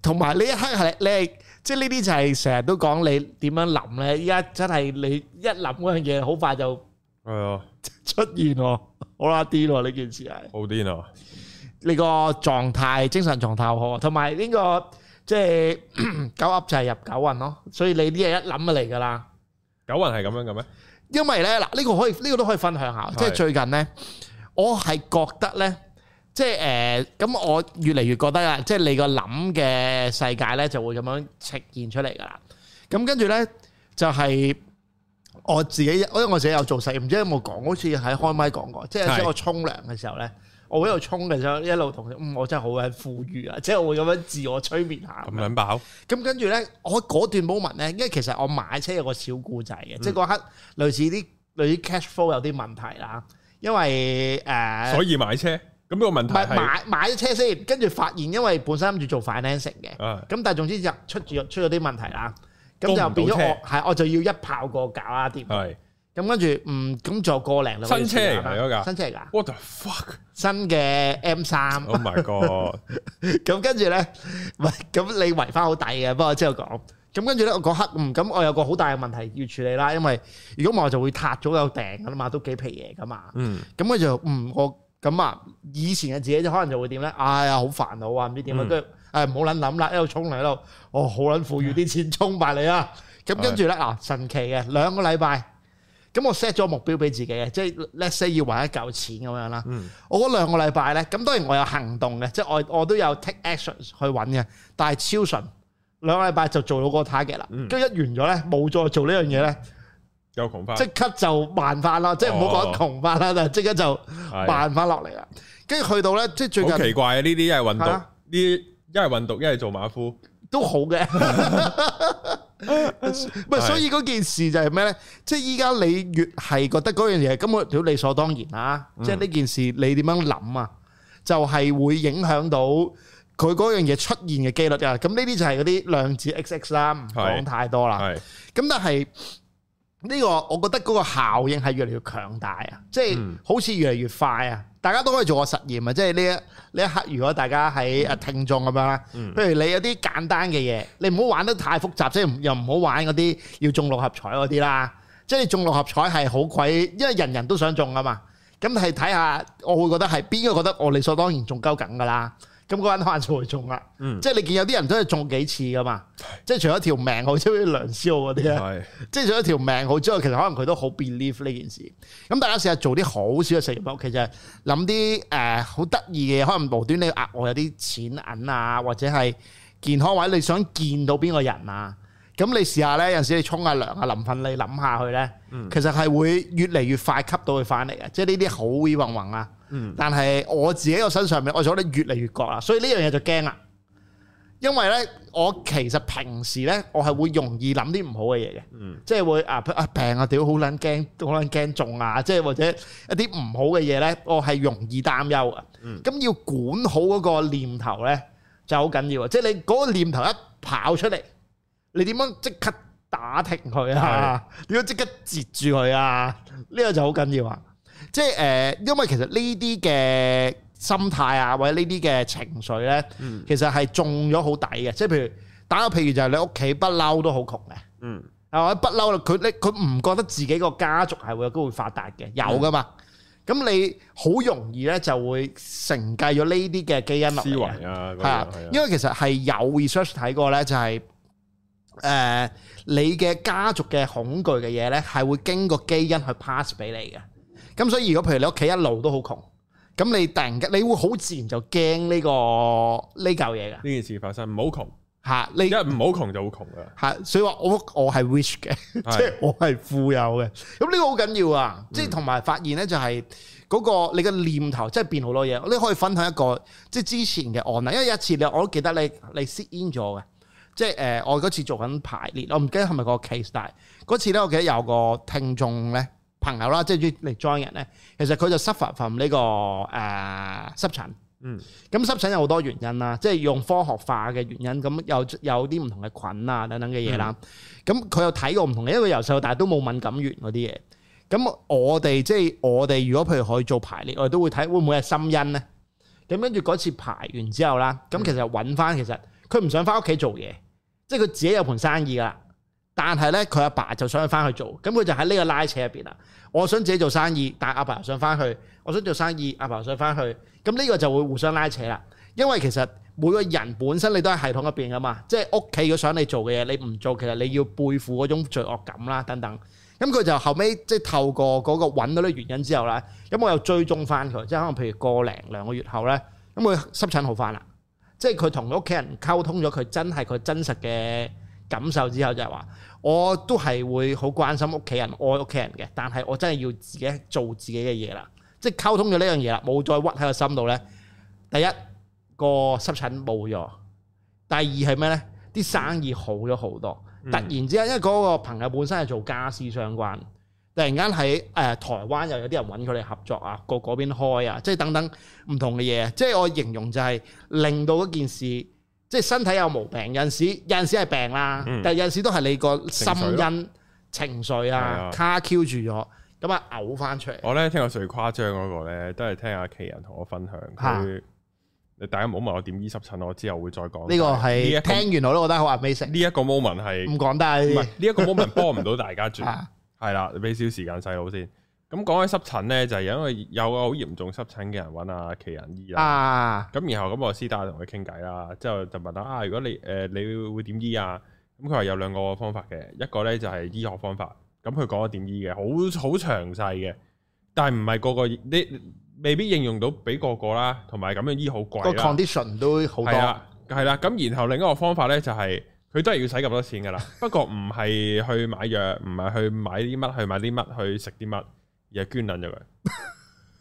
同埋呢一刻係你。即係呢啲就係成日都講你點樣諗咧，依家真係你一諗嗰樣嘢，好快就係啊出現喎，好啲咯呢件事係好啲咯，呢個狀態精神狀態好，同埋呢個即係九噏就係入九運咯，所以你啲嘢一諗就嚟噶啦，九運係咁樣嘅咩？因為咧嗱，呢個可以呢個都可以分享下，即係最近咧，我係覺得咧。即係誒，咁、呃、我越嚟越覺得啊，即係你個諗嘅世界咧，就會咁樣呈現出嚟噶啦。咁跟住咧，就係、是、我自己，因為我自己有做實驗，唔知有冇講，好似喺開麥講過，即係我沖涼嘅時候咧是，我喺度沖嘅時候一路同佢，嗯，我真係好緊富裕啊，即係我會咁樣自我催眠下。咁樣爆？咁跟住咧，我嗰段 moment 咧，因為其實我買車有個小故仔嘅，嗯、即係嗰刻類似啲類似 cash flow 有啲問題啦，因為誒。呃、所以買車。個問題買買咗車先，跟住發現因為本身諗住做 finance 嘅，咁、嗯、但係總之就出咗出咗啲問題啦，咁就變咗我係我就要一炮過搞啊。啲、嗯，係咁跟住唔咁就過零啦，嗯、個個新車嚟噶，嗎新車嚟噶 what the fuck，新嘅 M 三，oh my god，咁跟住咧，喂， [LAUGHS] 咁你維翻好抵嘅，不過之後講，咁跟住咧我嗰刻唔，咁、嗯、我有個好大嘅問題要處理啦，因為如果唔係我就會撻咗有訂噶啦嘛，都幾皮嘢噶嘛，嗯，咁我就嗯我。咁啊，以前嘅自己可能就會點咧？哎呀，好煩惱啊，唔知點，跟住，都唔好撚諗啦，一路衝嚟一路，我、哦、好撚富裕啲錢衝，衝埋嚟啊！咁跟住咧啊，神奇嘅兩個禮拜，咁我 set 咗目標俾自己嘅，即係 let’s say 要揾一嚿錢咁樣啦。嗯、我嗰兩個禮拜咧，咁當然我有行動嘅，即係我我都有 take actions 去揾嘅，但係超順，兩個禮拜就做到個 target 啦。跟住、嗯、一完咗咧，冇再做呢樣嘢啦。又即刻就慢返咯，即係唔好講窮返啦，就即刻就慢返落嚟啦。跟住去到呢，即係最近好奇怪啊！呢啲一係運動，呢啲一係運動，一係做馬夫都好嘅。唔係，所以嗰件事就係咩呢？即係依家你越係覺得嗰樣嘢根本都理所當然啊！即係呢件事你點樣諗啊？就係會影響到佢嗰樣嘢出現嘅幾率啊！咁呢啲就係嗰啲量子 X X 三，唔講太多啦。咁但係。呢個我覺得嗰個效應係越嚟越強大啊！即係好似越嚟越快啊！大家都可以做個實驗啊！即係呢一呢一刻，如果大家喺啊聽眾咁樣啦，譬如你有啲簡單嘅嘢，你唔好玩得太複雜，即係又唔好玩嗰啲要中六合彩嗰啲啦。即係你中六合彩係好鬼，因為人人都想中啊嘛。咁係睇下，我會覺得係邊個覺得我理所當然仲鳩緊㗎啦。咁嗰個人可能就會中啦，嗯、即係你見有啲人都係中幾次㗎嘛，嗯、即係除咗條命好，嗯、即係梁思浩嗰啲啊，即係除咗條命好之外，其實可能佢都好 believe 呢件事。咁大家試下做啲好少嘅食嘢翻屋企，就係諗啲誒好得意嘅，可能無端你額外有啲錢銀啊，或者係健康或者你想見到邊個人啊，咁你試下咧，有陣時你沖下涼啊，臨瞓你諗下去咧，嗯、其實係會越嚟越快吸到佢翻嚟嘅，即係呢啲好易運運啊！嗯，但係我自己個身上面，我就覺得越嚟越覺啦，所以呢樣嘢就驚啦。因為咧，我其實平時咧，我係會容易諗啲唔好嘅嘢嘅，嗯，即會，即係會啊啊病啊，屌好撚驚，好撚驚中啊，即係或者一啲唔好嘅嘢咧，我係容易擔憂啊。嗯，咁要管好嗰個念頭咧，就好緊要啊。即係你嗰個念頭一跑出嚟，你點樣即刻打停佢啊？是的 你要即刻截住佢啊？呢、呢個就好緊要啊！即係誒，因為其實呢啲嘅心態啊，或者呢啲嘅情緒咧，嗯、其實係中咗好抵嘅。即係譬如打個譬如就係你屋企不嬲都好窮嘅，嗯、或者不嬲佢咧佢唔覺得自己個家族係會有機會發達嘅，有噶嘛？咁、嗯、你好容易咧就會承繼咗呢啲嘅基因落嚟嘅，係啊。因為其實係有 research 睇過咧、就是，就係誒，你嘅家族嘅恐懼嘅嘢咧，係會經過基因去 pass 俾你嘅。咁所以如果譬如你屋企一路都好窮，咁你突然間你會好自然就驚呢、這個呢嚿嘢噶？呢、這個、件事發生唔好窮吓，你而家唔好窮就好窮噶。係、啊，所以話我我係 wish 嘅，即係是我係富有嘅。咁呢個好緊要啊！即係同埋發現咧、那個，就係嗰個你嘅念頭即係變好多嘢。你可以分享一個即係、就是、之前嘅案例，因為有一次你我都記得你你 sit in 咗嘅，即係誒我嗰次做緊排列，我唔記得係咪個 case，但係嗰次咧我記得有個聽眾咧。朋友啦，即係啲 o i 人咧，其實佢就濕法瞓呢個誒、呃、濕疹。嗯，咁濕疹有好多原因啦，即係用科學化嘅原因，咁有有啲唔同嘅菌啊等等嘅嘢啦。咁佢又睇過唔同嘅，因為由細到大都冇敏感源嗰啲嘢。咁我哋即係我哋如果譬如可以做排列，我哋都會睇會唔會係心因咧。咁跟住嗰次排完之後啦，咁其實揾翻、嗯、其實佢唔想翻屋企做嘢，即係佢自己有盤生意啦。但係咧，佢阿爸就想佢翻去做，咁佢就喺呢個拉扯入邊啦。我想自己做生意，但係阿爸又想翻去，我想做生意，阿爸又想翻去，咁呢個就會互相拉扯啦。因為其實每個人本身你都喺系統入邊噶嘛，即係屋企佢想你做嘅嘢，你唔做其實你要背負嗰種罪惡感啦等等。咁佢就後尾，即係透過嗰個揾到啲原因之後咧，咁我又追蹤翻佢，即係可能譬如過零兩個月後咧，咁佢濕疹好翻啦，即係佢同佢屋企人溝通咗，佢真係佢真實嘅。感受之後就係話，我都係會好關心屋企人，愛屋企人嘅。但係我真係要自己做自己嘅嘢啦，即係溝通咗呢樣嘢啦，冇再屈喺個心度咧。第一個濕疹冇咗，第二係咩咧？啲生意好咗好多，突然之間，因為嗰個朋友本身係做家私相關，突然間喺誒台灣又有啲人揾佢哋合作啊，過嗰邊開啊，即係等等唔同嘅嘢。即係我形容就係令到嗰件事。即係身體有毛病，有陣時有陣時係病啦，嗯、但係有陣時都係你個心因情緒啊呀卡 Q 住咗，咁啊嘔翻出嚟。我咧聽我最誇張個最誇張嗰個咧，都係聽阿奇人同我分享佢，你、啊、大家唔好問我點醫濕疹，我之後會再講。呢個係、這個，聽完我都覺得好 amazing 呢一個 moment 係唔講得，呢一、這個 moment 幫唔到大家住，係啦、啊，俾少時間細佬先。咁講起濕疹咧，就係、是、因為有個好嚴重濕疹嘅人揾阿、啊、奇仁醫啦。咁、啊、然後咁我私底下同佢傾偈啦，之後就問到啊，如果你誒、呃，你會點醫啊？咁佢話有兩個方法嘅，一個咧就係醫學方法。咁佢講咗點醫嘅，好好詳細嘅，但係唔係個個你未必應用到俾個個啦，同埋咁樣醫好貴啦。個 condition 都好多係啦。咁、啊啊、然後另一個方法咧就係佢真係要使咁多錢噶啦， [LAUGHS] 不過唔係去買藥，唔係去買啲乜，去買啲乜，去食啲乜。又捐捻咗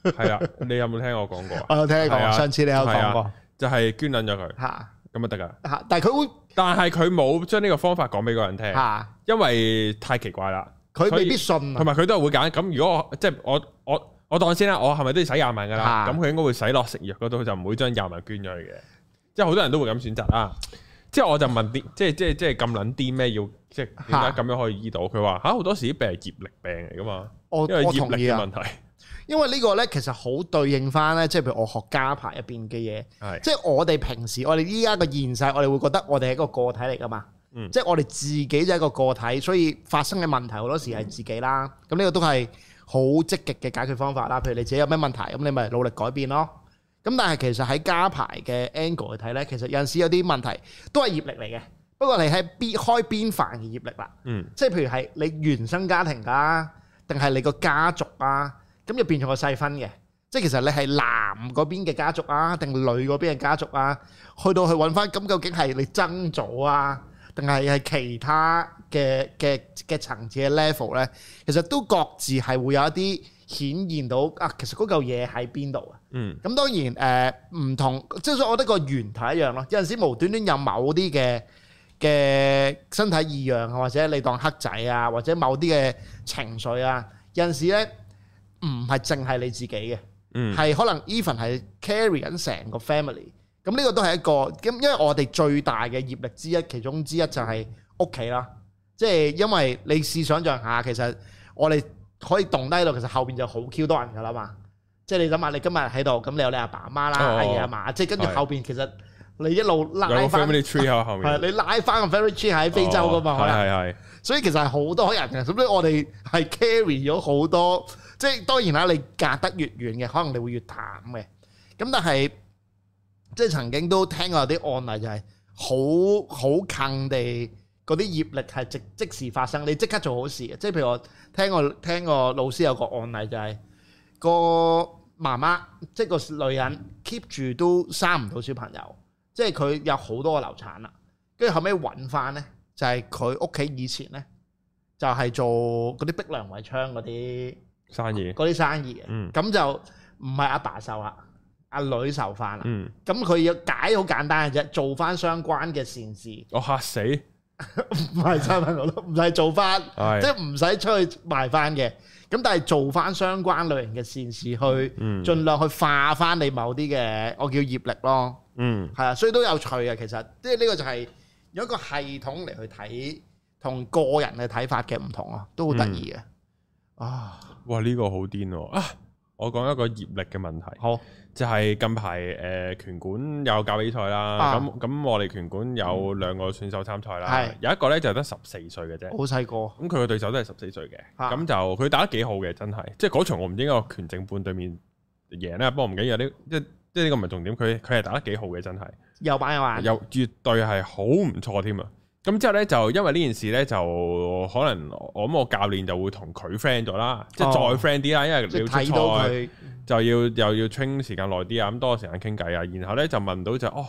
佢，係啊！ [LAUGHS] 你有冇聽我講過？ [LAUGHS] 我有聽你講，的上次你有講過，就係、是、捐捻咗佢。吓、啊，咁就得噶。吓、啊，但係佢，但係佢冇將呢個方法講俾嗰人聽。吓、啊，因為太奇怪啦，佢未必信、啊。同埋佢都係會揀。咁如果我即係、就是、我我我，我當先啦，我係咪都要使廿萬噶啦？咁佢、啊、應該會洗落食藥嗰度，佢就唔會將廿萬捐咗去嘅。即係好多人都會咁選擇啊。即係我就問啲，即係即係即係咁諗啲咩？要即係點解咁樣可以醫到？佢話吓好多時啲病係業力病嚟噶嘛，我因為業力嘅、啊、問題。因為呢個咧其實好對應翻咧，即係譬如我學家派入邊嘅嘢，是的 即係我哋平時我哋依家嘅現實，我哋會覺得我哋係一個個體嚟噶嘛。即係、嗯、我哋自己就係一個個體，所以發生嘅問題好多時係自己啦。咁呢個都係好積極嘅解決方法啦。譬如你自己有咩問題，咁你咪努力改變咯。咁但係其實喺加牌嘅 angle 去睇咧，其實有陣時有啲問題都係業力嚟嘅，不過你喺邊開邊範嘅業力啦，嗯，即係譬如係你原生家庭啊，定係你個家族啊，咁又變咗個細分嘅，即係其實你係男嗰邊嘅家族啊，定女嗰邊嘅家族啊，去到去揾翻咁究竟係你曾祖啊，定係係其他嘅嘅嘅層次嘅 level 咧，其實都各自係會有一啲顯現到啊，其實嗰嚿嘢喺邊度啊？嗯，咁當然誒，唔同，即係所以我覺得個原體一樣咯。有陣時無端端有某啲嘅嘅身體異樣啊，或者你當黑仔啊，或者某啲嘅情緒啊，有陣時咧唔係淨係你自己嘅，係可能 even 係 carry 緊成個 family。咁呢個都係一個咁，因為我哋最大嘅業力之一，其中之一就係屋企啦。即係因為你試想像下，其實我哋可以棟低喺度，其實後邊就好 Q 多人噶啦嘛。即係你諗下，你今日喺度，咁你有你阿爸阿媽啦，阿爺阿嫲，即係跟住後邊，其實你一路拉翻 family tree 喺後面，係你拉翻個 family tree 喺非洲噶嘛，係係係，所以其實係好多人嘅。咁所以我哋係 carry 咗好多，即係當然啦，你隔得越遠嘅，可能你會越淡嘅，咁但係即係曾經都聽過有啲案例就係好好近地嗰啲業力係即即時發生，你即刻做好事嘅，即係譬如我聽個聽個老師有個案例就係。個媽媽即係個女人 keep 住都生唔到小朋友，即係佢有好多個流產啦。跟住後尾揾翻咧，就係佢屋企以前咧就係、是、做嗰啲逼良為娼嗰啲生意，嗰啲生意嘅。嗯，咁就唔係阿爸受啦，阿女受翻啦。嗯，咁佢要解好簡單嘅啫，做翻相關嘅善事。我嚇死，唔係產品我都唔使做翻，即係唔使出去賣翻嘅。咁但係做翻相關類型嘅善事，去盡量去化翻你某啲嘅、嗯、我叫業力咯，嗯，係啊，所以都有趣嘅其實，即係呢個就係有一個系統嚟去睇，同個人嘅睇法嘅唔同啊，都好得意嘅，嗯、啊，哇，呢、這個好癲咯啊！啊我講一個業力嘅問題，好，就係近排誒、呃、拳館有搞比賽啦，咁咁、啊、我哋拳館有兩個選手參賽啦，係、嗯，有一個咧就得十四歲嘅啫，好細個，咁佢嘅對手都係十四歲嘅，咁、啊、就佢打得幾好嘅，真係，即係嗰場我唔知點解我拳政判對面贏啦，不過唔緊要，呢即即呢個唔係重點，佢佢係打得幾好嘅真係，油版油版有版嘅話，有絕對係好唔錯添啊。咁之後咧就因為呢件事咧就可能我諗我教練就會同佢 friend 咗啦，即係、哦、再 friend 啲啦，因為你要睇到佢就要又要 training 時間耐啲啊，咁多時間傾偈啊，然後咧就問到就是、哦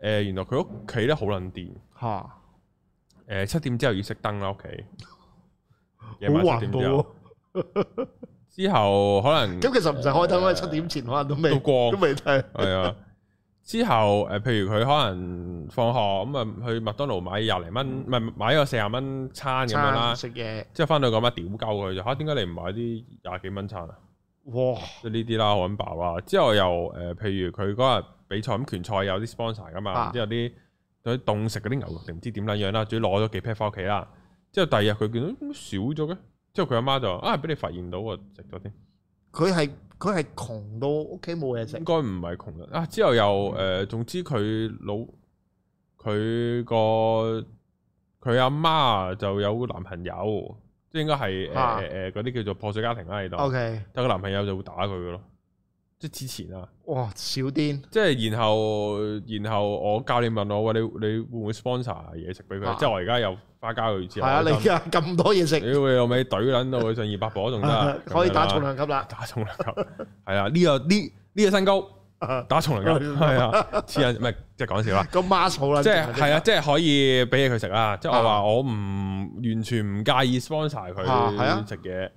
誒、呃、原來佢屋企咧好撚電嚇，誒、七點之後要熄燈啦，屋企，好橫噃，之後可能咁其實唔使開燈，呃、七點前可能都未都光都未睇，係 [LAUGHS] 啊。之後誒、呃，譬如佢可能放學咁啊、嗯，去麥當勞買廿零蚊，唔係、嗯、買一個四十蚊餐咁樣啦。食嘢。之後翻到個媽屌鳩佢就嚇，點解你唔買啲廿幾蚊餐啊？哇！即呢啲啦，好揾爆啦。之後又誒、呃，譬如佢嗰日比賽咁，拳賽有啲 sponsor 嘅嘛，之後啲嗰啲凍食嗰啲牛肉定唔知點撚樣啦，仲要攞咗幾 pack 翻屋企啦。之後第二日佢見到少咗嘅，之後佢阿媽，媽就啊，俾你發現到喎，食咗啲。佢係佢係窮到屋企冇嘢食，應該唔係窮人。啊。之後又誒、呃，總之佢老佢個佢阿媽就有男朋友，即係應該係誒誒嗰啲叫做破碎家庭啦喺度。Okay. 但係佢男朋友就會打佢嘅咯。即係之前啊！哇，少啲。即係然後然後我教練問我，喂，你你會唔會 sponsor 嘢食俾佢？即係我而家又花膠佢只係啊！你而家咁多嘢食，你你有咪懟撚到佢上二百磅仲得，可以打重量級啦！打重量級係啊！呢個呢呢個身高打重量級係啊！黐人唔係即係講笑啦，個 mask 好啦，即係係啊！即係可以俾嘢佢食啊！即係我話我唔完全唔介意 sponsor 佢食嘢。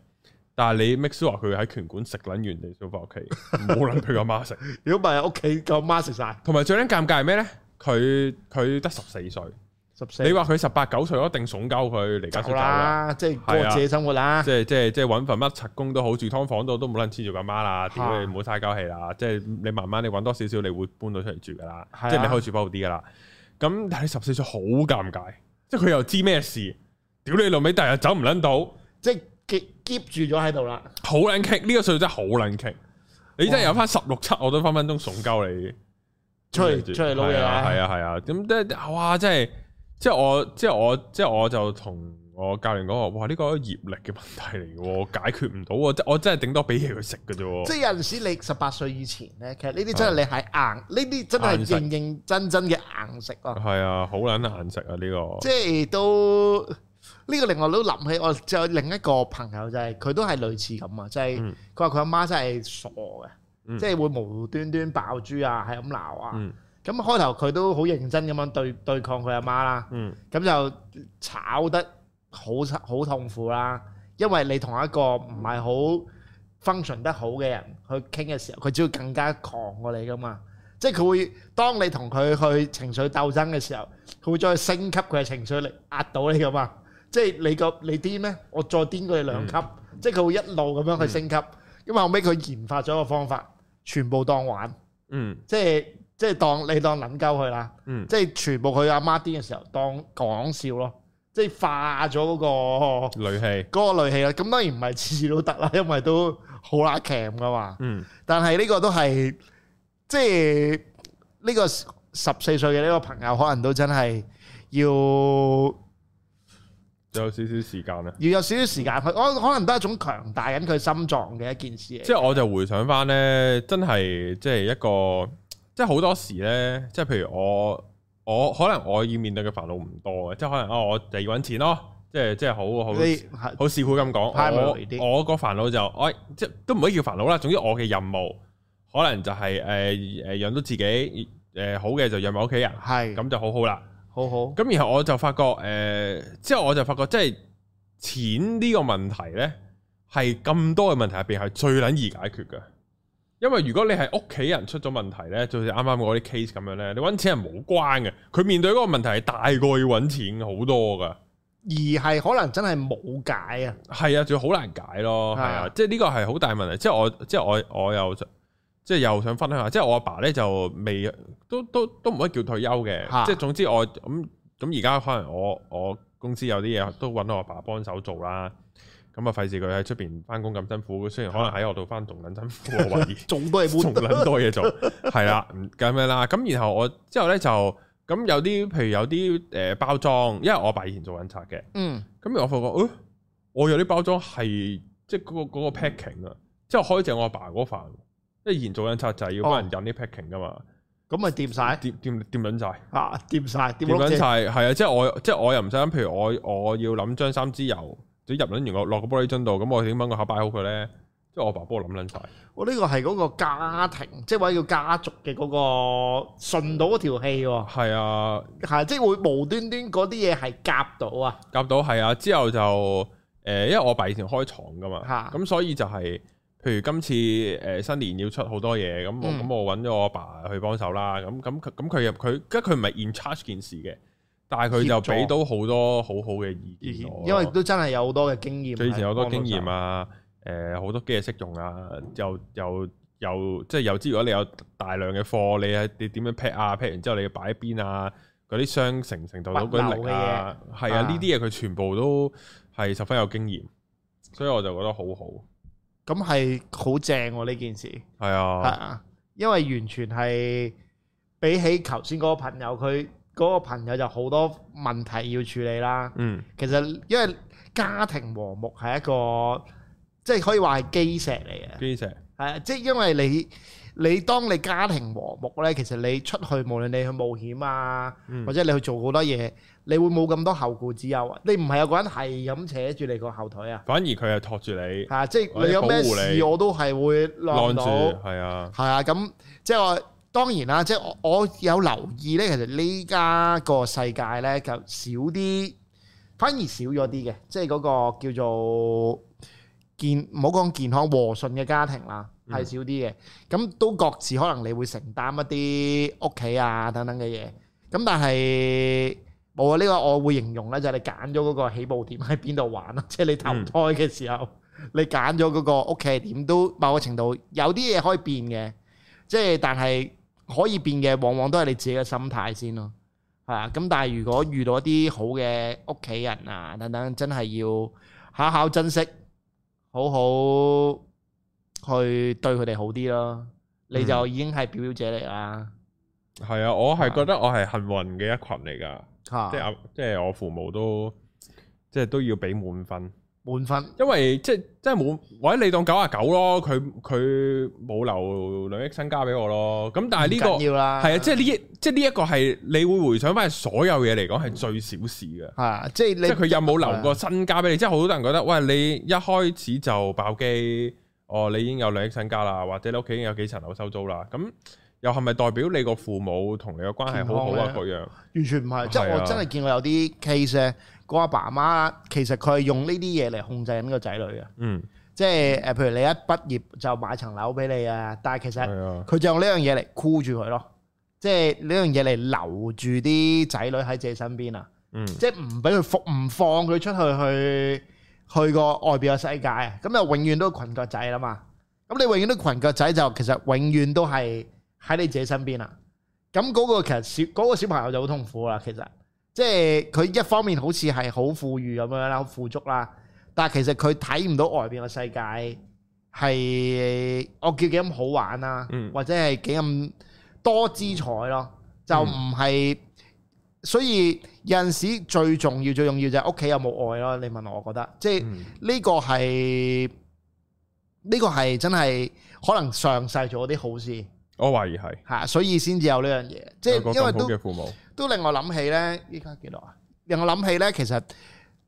但係你 mix 話佢喺拳館食撚完，你想翻屋企，唔好撚佢個媽食，如果咪喺屋企個媽食晒。同埋最捻尷尬係咩咧？佢佢得十四歲，十四，14? 你話佢十八九歲，一定慫鳩佢離家出走，走啦，即係過借生活啦，即係即係即係搵份乜柒工都好，住劏房度都冇撚黐住個媽啦，屌你，唔好嘥交氣啦，即係你慢慢你搵多少少，你會搬到出嚟住噶啦，即係、啊、你可以住得好啲噶啦。咁但係你十四歲好尷尬，即係佢又知咩事，屌你老味，但係又走唔撚到，即夾住咗喺度啦，好撚 keep 呢個歲真係好撚 keep，哇你真係有翻十六七，我都分分鐘送鳩你，出去出嚟撈人，係啊係啊，咁都、啊啊啊啊啊、哇真係，即係我即係我即係我就同我教練講話，哇呢、這個業力嘅問題嚟嘅，解決唔到，即我真係頂多俾嘢佢食嘅啫。即係有陣時你十八歲以前咧，其實呢啲真係你係硬，呢啲、啊、真係認認真真嘅硬食色啊。係啊，好捻難食啊呢個，即係都。呢個令我都諗起，我就另一個朋友就係佢都係類似咁、就是嗯、啊，就係佢話佢阿媽真係傻嘅，即係會無端端爆粗啊，係咁鬧啊。咁開頭佢都好認真咁樣對對抗佢阿媽啦，咁、嗯、就炒得好好痛苦啦。因為你同一個唔係好 function 得好嘅人去傾嘅時候，佢只會更加狂過你噶嘛。即係佢會當你同佢去情緒鬥爭嘅時候，佢會再升級佢嘅情緒力壓到你咁啊。即係你個你癲咧，我再癲佢兩級，嗯、即係佢會一路咁樣去升級。因為、嗯、後尾佢研發咗一個方法，全部當玩，嗯，即係即係當你當撚鳩佢啦，嗯，即係全部佢阿媽癲嘅時候當講笑咯，即係化咗嗰、嗰個戾氣，嗰個戾氣啦。咁當然唔係次次都得啦，因為都好乸頸㗎嘛，嗯，但係呢個都係即係呢、呢個十四歲嘅呢個朋友，可能都真係要。有少少時間咧，要有少少時間去，我可能都係一種強大緊佢心臟嘅一件事。即係我就回想翻咧，真係即係一個，即係好多時咧，即係譬如我，我可能我要面對嘅煩惱唔多嘅，即係可能啊，我就要搵錢咯。即係即係好好好，似乎咁講。我我個煩惱就我即都唔可以叫煩惱啦。總之我嘅任務可能就係誒誒養到自己誒、呃、好嘅就養埋屋企人，係咁是就好好啦。好好，咁然後我就發覺，誒、呃，之後我就發覺，即係錢呢個問題咧，係咁多嘅問題入邊係最撚易解決嘅。因為如果你係屋企人出咗問題咧，就似啱啱我嗰啲 case 咁樣咧，你揾錢係冇關嘅。佢面對嗰個問題係大過要揾錢好多噶，而係可能真係冇解啊。係啊，仲要好難解咯。係啊，啊即係呢個係好大問題。即係我，即係我，我有即係又想分享下，即係我阿爸咧就未都都都唔可以叫退休嘅，啊、即係總之我咁咁而家可能我我公司有啲嘢都搵到我阿爸幫手做啦，咁啊費事佢喺出邊翻工咁辛苦，雖然可能喺我度翻仲捻辛苦仲做、啊、多嘢，同捻多嘢做，係啦咁樣啦。咁、嗯嗯、然後我之後咧就咁有啲，譬如有啲誒包裝，因為我阿爸以前做印刷嘅，咁、嗯、我發覺，誒、哦，我有啲包裝係即係嗰嗰個 packing 啊，之後開正我阿爸嗰份。即係延做緊印刷，就係要幫人印啲 packing 噶嘛。咁咪掂晒，掂掂掂捻晒。啊，掂晒，掂捻晒，係啊！即係我，即係我又唔使諗。譬如我，我要諗將三枝油就入捻完，我落個玻璃樽度。咁我點樣個盒擺好佢咧？即係我爸幫我諗捻晒。我呢、哦，這個係嗰個家庭，即係或者叫家族嘅嗰個順到條氣。係啊，係即係會無端端嗰啲嘢係夾到啊！夾到係啊！之後就誒，因為我爸以前開廠噶嘛，咁的所以就係、是。譬如今次誒新年要出好多嘢，咁我咁、嗯、我揾咗我阿爸去幫手啦。咁咁佢咁佢入佢，佢唔係 in charge 件事嘅，但係佢就俾到好多好好嘅意見。因為都真係有好多嘅經驗。佢以前好多經驗啊，誒好多機器識用啊，又又又即係又知如果你有大量嘅貨，你係你點樣 pack 啊，pack 完之後你要擺喺邊啊，嗰啲箱承唔承受到嗰啲力啊，係啊，呢啲嘢佢全部都係十分有經驗，所以我就覺得好好。咁係好正喎，啊，呢件事，係啊，係啊，因為完全係比起頭先嗰個朋友，佢嗰個朋友就好多問題要處理啦。嗯，其實因為家庭和睦係一個，即係可以話係基石嚟嘅，基石係啊，即係因為你。你當你家庭和睦咧，其實你出去無論你去冒險啊，嗯、或者你去做好多嘢，你會冇咁多後顧之憂。你唔係有一個人係咁扯住你個後腿啊？反而佢係托住你。嚇！即係你有咩事，我都係會攬到。係啊。係啊，咁即係當然啦。即係我我有留意咧，其實呢家個世界咧就少啲，反而少咗啲嘅。即係嗰個叫做健，唔好講健康和順嘅家庭啦。係少啲嘅，咁、嗯、都各自可能你會承擔一啲屋企啊等等嘅嘢，咁但係冇啊呢個我會形容咧，就係你揀咗嗰個起步點喺邊度玩啦，嗯、即係你投胎嘅時候，你揀咗嗰個屋企點都某個程度有啲嘢可以變嘅，即係但係可以變嘅往往都係你自己嘅心態先咯，係啊，咁但係如果遇到一啲好嘅屋企人啊等等，真係要好好珍惜，好好。去對佢哋好啲咯，你就已經係表表姐嚟啦。係、嗯、啊，我係覺得我係幸運嘅一群嚟噶，啊、即係即係我父母都即係都要俾滿分滿分，滿分因為即即係冇，或者你當九啊九咯，佢佢冇留兩億身家俾我咯。咁但、這個、係呢個係啊，即係呢即係呢一個係你會回想返，所有嘢嚟講係最小事嘅。係啊，即係即係佢有冇留個身家俾你，嗯、你，你？即係好多人覺得，喂，你一開始就爆機。哦，你已經有兩億身家啦，或者你屋企已經有幾層樓收租啦，咁又係咪代表你個父母同你個關係好好啊？各樣完全唔係，即係是、啊、我真係見過有啲 case 咧，嗰個阿爸阿媽其實佢係用呢啲嘢嚟控制緊個仔女嘅。嗯，即係譬如你一畢業就買層樓俾你啊，但係其實佢就用呢樣嘢嚟箍住佢咯，即係呢樣嘢嚟留住啲仔女喺自己身邊啊，即係唔俾佢服，唔放佢出去去。去過外邊嘅世界啊，咁就永遠都群腳仔啦嘛。咁你永遠都群腳仔就其實永遠都係喺你自己身邊啦。咁嗰個其實小嗰、嗰個小朋友就好痛苦啦。其實即係佢一方面好似係好富裕咁樣啦，好富足啦，但係其實佢睇唔到外邊嘅世界係我叫幾咁好玩啦，嗯、或者係幾咁多姿彩咯，就唔係。所以有陣時最重要、最重要就係屋企有冇愛咯。你問我，我覺得即係呢個係呢個係真係可能上世做啲好事。我懷疑係嚇，所以先至有呢樣嘢。即係因為都父母都令我諗起咧，依家幾耐啊？令我諗起咧，其實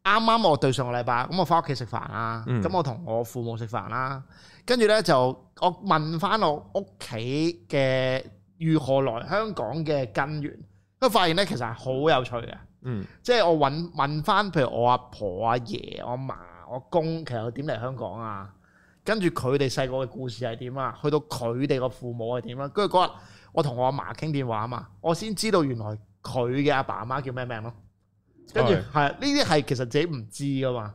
啱啱我對上個禮拜咁，我翻屋企食飯啦，咁我同我父母食飯啦，跟住咧就我問翻我屋企嘅如何來香港嘅根源。都發現咧，其實係好有趣嘅。嗯，即係我揾問翻，問譬如我阿婆、阿爺、我阿嫲、我公，其實點嚟香港啊？跟住佢哋細個嘅故事係點啊？去到佢哋個父母係點啊？跟住嗰日我同我阿嫲傾電話啊嘛，我先知道原來佢嘅阿爸阿媽，媽叫咩名咯、啊。跟住係呢啲係其實自己唔知噶嘛，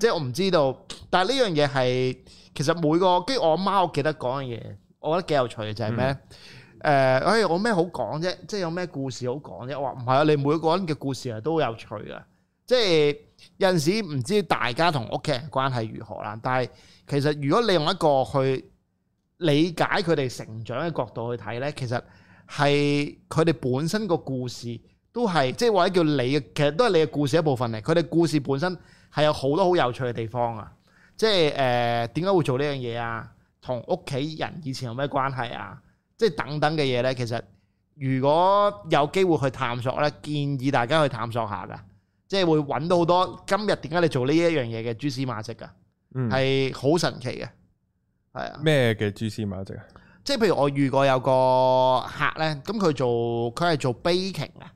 即係我唔知道。但係呢樣嘢係其實每個跟住我阿媽，我記得講嘅嘢，我覺得幾有趣嘅就係咩咧？嗯誒，哎、欸，我咩好講啫？即係有咩故事好講啫？我話唔係啊，你每個人嘅故事係都有趣噶。即係有陣時唔知大家同屋企人關係如何啦。但係其實如果你用一個去理解佢哋成長嘅角度去睇咧，其實係佢哋本身個故事都係，即係或者叫你其實都係你嘅故事一部分嚟。佢哋故事本身係有好多好有趣嘅地方啊！即係誒點解會做呢樣嘢啊？同屋企人以前有咩關係啊？即係等等嘅嘢呢，其實如果有機會去探索呢，建議大家去探索下噶，即係會揾到好多今日點解你做呢一樣嘢嘅蛛絲馬跡噶，係好、嗯、神奇嘅，係啊。咩嘅蛛絲馬跡啊？即係譬如我遇過有個客呢，咁佢做佢係做 baking 啊，aking,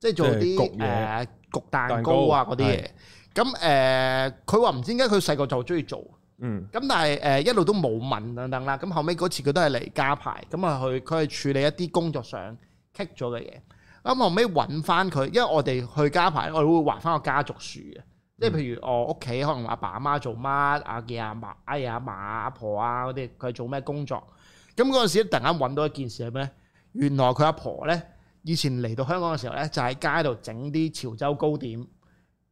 即係做啲焗嘢、呃、焗蛋糕啊嗰啲嘢。咁誒，佢話唔知點解佢細個就中意做。嗯，咁但係誒一路都冇問等等啦。咁後尾嗰次佢都係嚟加牌，咁啊，佢佢係處理一啲工作上棘咗嘅嘢。咁後尾揾翻佢，因為我哋去加牌，我哋會畫翻個家族樹嘅，即係譬如我屋企可能阿爸阿媽做乜啊嘅，阿嫲哎阿嫲阿婆啊嗰啲，佢係做咩工作。咁嗰陣時突然間揾到一件事係咩？原來佢阿婆咧以前嚟到香港嘅時候咧，就喺街度整啲潮州糕點，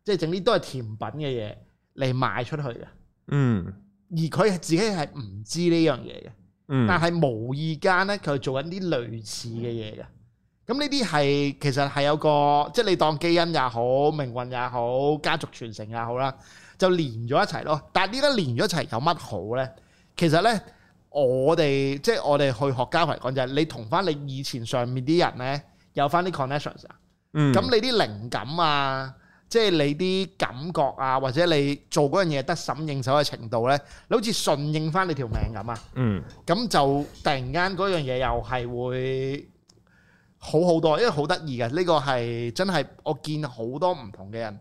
即係整啲都係甜品嘅嘢嚟賣出去嘅。嗯，而佢自己係唔知呢樣嘢嘅，嗯，但係無意間咧，佢做緊啲類似嘅嘢嘅，咁呢啲係其實係有個，即係你當基因也好，命運也好、家族傳承也好啦，就連咗一齊咯。但係呢啲連咗一齊有乜好咧？其實咧，我哋即係我哋去學家嚟講就係你同翻你以前上面啲人咧有翻啲 connections 啊，嗯，咁你啲靈感啊。即係你啲感覺啊，或者你做嗰樣嘢得心應手嘅程度咧，你好似順應翻你條命咁啊！嗯，咁就突然間嗰樣嘢又係會好好多，因為好得意嘅，呢個係真係我見好多唔同嘅人，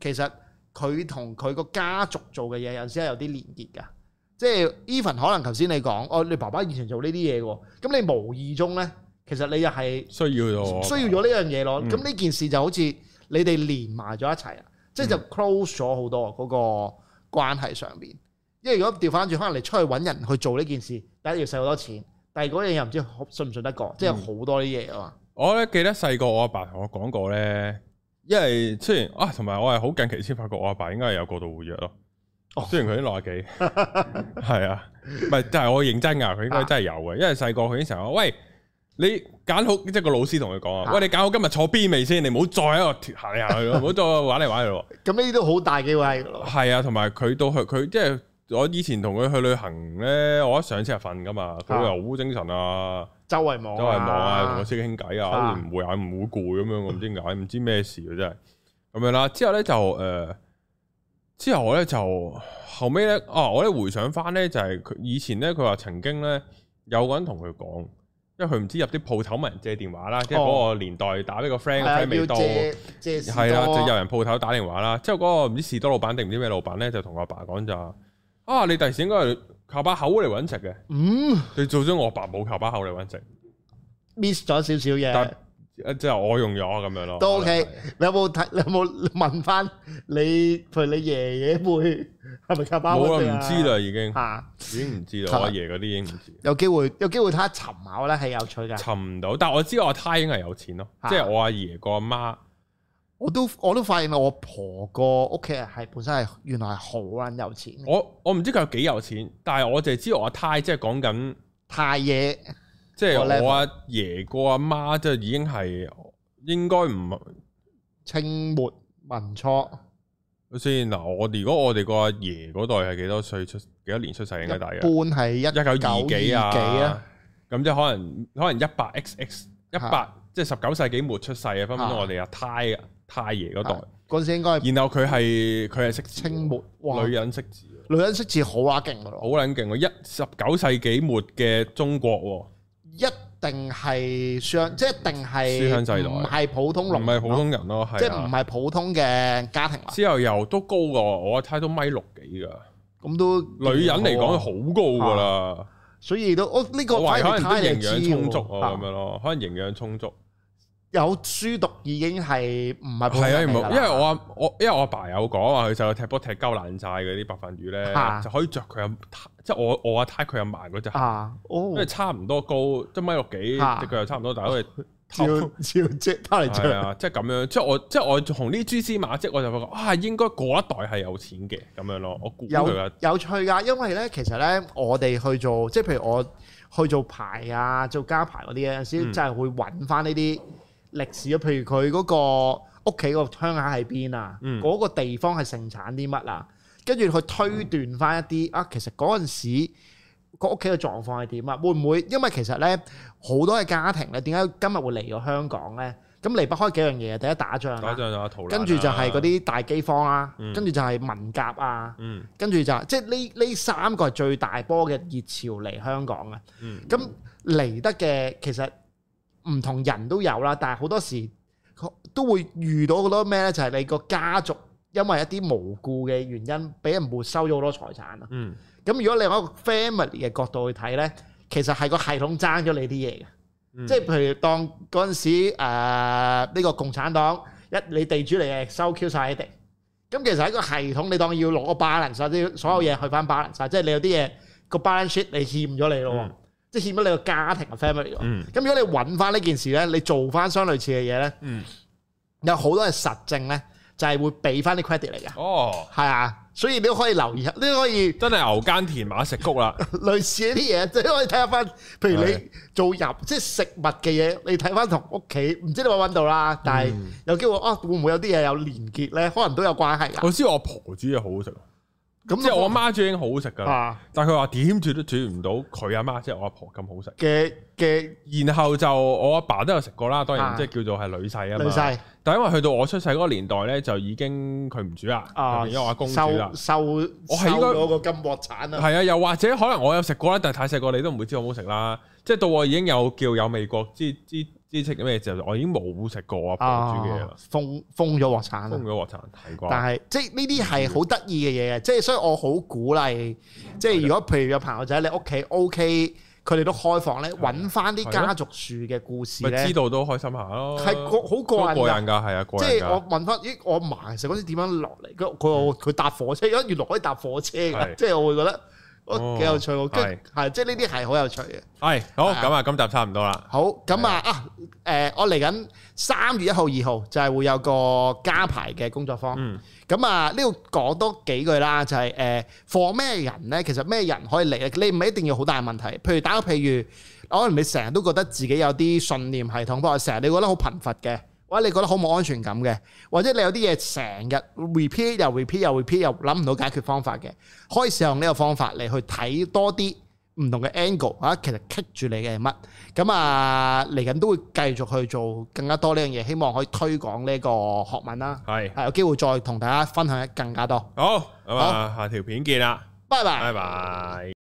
其實佢同佢個家族做嘅嘢有時係有啲連結㗎。即係 Even 可能頭先你講，我、哦、你爸爸以前做呢啲嘢嘅，咁你無意中咧，其實你又係需要咗需要咗呢樣嘢咯。咁呢件事就好似～你哋連埋咗一齊啊，即係就 close 咗好多嗰、那個關係上邊。因為如果調翻轉，可能你出去揾人去做呢件事，第一要使好多錢，第二嗰樣、那個、又唔知信唔信得過，嗯、即係好多啲嘢啊嘛。我咧記得細個我阿爸同我講過咧，因為雖然、啊、我同埋我係好近期先發覺我阿爸應該係有過度活躍咯。哦、雖然佢已經六啊幾，係 [LAUGHS] [LAUGHS] 啊，唔係，但、就、係、是、我認真噶，佢應該真係有嘅，因為細個佢已經成日話喂。你揀好即係、就是、個老師同佢講啊！喂，你揀好今日坐邊位先，你唔好再喺度行嚟行去咯，唔好再玩嚟玩去咯。咁呢啲都好大機會。係啊，同埋佢到去佢即係我以前同佢去旅行咧，我一上車就瞓噶嘛，佢又污精神啊。啊周圍望，周圍望啊，同個司機傾偈啊，唔會啊，唔、啊、會攰咁樣，我唔知點解，唔知咩事啊，真係咁樣啦。之後咧就誒，之後咧就後尾咧哦，我咧回想翻咧，就係、是、佢以前咧，佢話曾經咧有個人同佢講。因為佢唔知入啲鋪頭問人借電話啦，哦、即係嗰個年代打俾個 friend 嘅 f 味道，係啦、啊啊，就有人鋪頭打電話啦。之後嗰個唔知士多老闆定唔知咩老闆咧，就同我阿爸講就啊，你第時應該靠把口嚟搵食嘅。嗯，你做咗我爸冇靠把口嚟搵食，miss 咗少少嘢。嗯、但即係、就是、我用咗咁樣咯，都 OK。你有冇睇？有冇問翻你？譬如你爺爺輩？係咪夾包？冇啦、啊，唔知啦，已經吓，啊、已經唔知啦。我阿爺嗰啲已經唔知。的有機會，有機會睇下尋寶咧,係有趣噶。尋唔到，但係我知我阿太應該係有錢咯，啊、即係我阿爺個阿媽，我都我都發現我婆個屋企人係本身係原來係好捻有錢我。我我唔知佢有幾有錢，但係我就知道我阿太即係講緊太爺，即係野是我阿爺個阿媽，即係已經係應該唔清末民初。先嗱，我如果我哋個阿爺嗰代係幾多歲出？幾多年出世應該大約？半係一九二幾啊？咁即係可能可能一百 X X 一百，即係十九世紀末出世啊，分分我哋阿太阿太爺嗰代嗰時應該。然後佢係佢係識清末女人識字，女人識字好捻勁咯，好捻勁啊！一十九世紀末嘅中國一。定係商，即係定係唔係普通唔係普通人咯，即係唔係普通嘅家庭。之後又都高個，我睇都米六幾㗎，咁都女人嚟講好高㗎啦、啊。所以都、哦呢個、我呢說個可能啲營養充足猜猜你猜你啊咁樣咯，可能營養充足。有書讀已經係唔係？係啊，唔好，因為我我因為我阿爸有講話，佢就踢波踢鳩爛晒嗰啲白飯魚咧，啊、就可以着佢阿，即係我我阿太佢阿嫲嗰隻，因為、啊 oh. 差唔多高，即米六幾，的佢又差唔多大，因為超超即係攤嚟即係咁樣，即係我即係我同啲蛛絲馬跡，我就覺得啊，應該嗰一代係有錢嘅咁樣咯，我估佢有，有趣㗎，因為咧其實咧我哋去做即係譬如我去做牌啊，做加牌嗰啲咧，有時真係會揾翻呢啲。嗯歷史啊，譬如佢嗰個屋企個鄉下喺邊啊，嗰個地方係盛產啲乜啊，跟住去推斷翻一啲啊，其實嗰陣時個屋企嘅狀況係點啊？會唔會？因為其實咧好多嘅家庭咧，點解今日會嚟咗香港咧？咁離不開幾樣嘢，第一打仗，打仗就係屠殺啊，跟住就係嗰啲大饑荒啦，跟住就係文革啊，跟住就即係呢呢三個係最大波嘅熱潮嚟香港嘅。咁嚟得嘅其實。唔同人都有啦，但係好多時都會遇到好多咩咧？就係、是、你個家族因為一啲無故嘅原因，俾人沒收咗好多財產啊！嗯，咁如果你用一個 family 嘅角度去睇咧，其實係個系統爭咗你啲嘢嘅。即係、嗯、譬如當嗰陣時呢、呃呢個共產黨一你地主嚟嘅，收 Q 曬一啲，咁其實喺個系統你當要攞個 balance 啲所有嘢去翻 balance 啊！即係你有啲嘢、嗰個 balance shit，你欠咗你咯。嗯即係欠咗你個家庭嘅 family 咯，嗯，咁如果你搵翻呢件事咧，你做翻相類似嘅嘢咧，嗯，有好多係實證咧，就係會俾翻啲 credit 嚟噶。哦，係啊，所以你都可以留意下，你可以真係牛耕田馬食穀啦。類似呢啲嘢，你可以睇下翻，譬如你做入即係、嗯、食物嘅嘢，你睇翻同屋企，唔知你可唔可以搵到啦？但係有機會啊，會唔會有啲嘢有連結咧？可能都有關係噶。我知我婆煮嘢好好食。即係我媽煮已經好好食噶，啊、但係佢話點煮都煮唔到佢阿媽，即係我阿婆咁好食嘅嘅。然後就我阿爸，爸都有食過啦，當然即係叫做係女婿啊嘛。啊但係因為去到我出世嗰個年代咧，就已經佢唔煮啦，因為、啊、我阿公煮啦，收我收係應該攞個金鑊鏟啊。係啊，又或者可能我有食過啦，但係太細個你都唔會知好唔好食啦。即係到我已經有叫有味覺知知。知知食咩嘢就，我已經冇食過啊！煮嘅嘢啦，封封咗鑊鏟，封咗鑊鏟，睇過。嗯、但係即係呢啲係好得意嘅嘢嘅，即係所以我好鼓勵，即係如果譬如有朋友仔喺你屋企 OK，佢哋都開放咧，揾翻啲家族樹嘅故事咧。知道都開心下咯。係個好個人，個人㗎係啊，過人即係我問翻咦，我阿嫲食嗰陣點樣落嚟？佢佢的搭火車，因為原來可以搭火車㗎，即係的、就是、我會覺得。都幾有趣喎，係，係，即係呢啲係好有趣嘅。係，好，咁啊，咁就差唔多啦。好，咁啊，啊，誒，我嚟緊三月一號、二號就係會有個加排嘅工作坊。嗯，咁啊，呢度講多幾句啦，就係誒，for 咩人咧？其實咩人可以嚟啊？你唔係一定要好大問題。譬如打個譬如，可能你成日都覺得自己有啲信念系統，不過成日你覺得好貧乏嘅。或者你覺得好冇安全感嘅，或者你有啲嘢成日 repeat 又 repeat 又 repeat 又諗唔到解決方法嘅，可以使用呢個方法嚟去睇多啲唔同嘅 angle 啊，其實棘住你嘅係乜？咁啊，嚟緊都會繼續去做更加多呢樣嘢，希望可以推廣呢個學問啦。係，係有機會再同大家分享更加多。好，好，下條片見啦。拜拜。拜拜。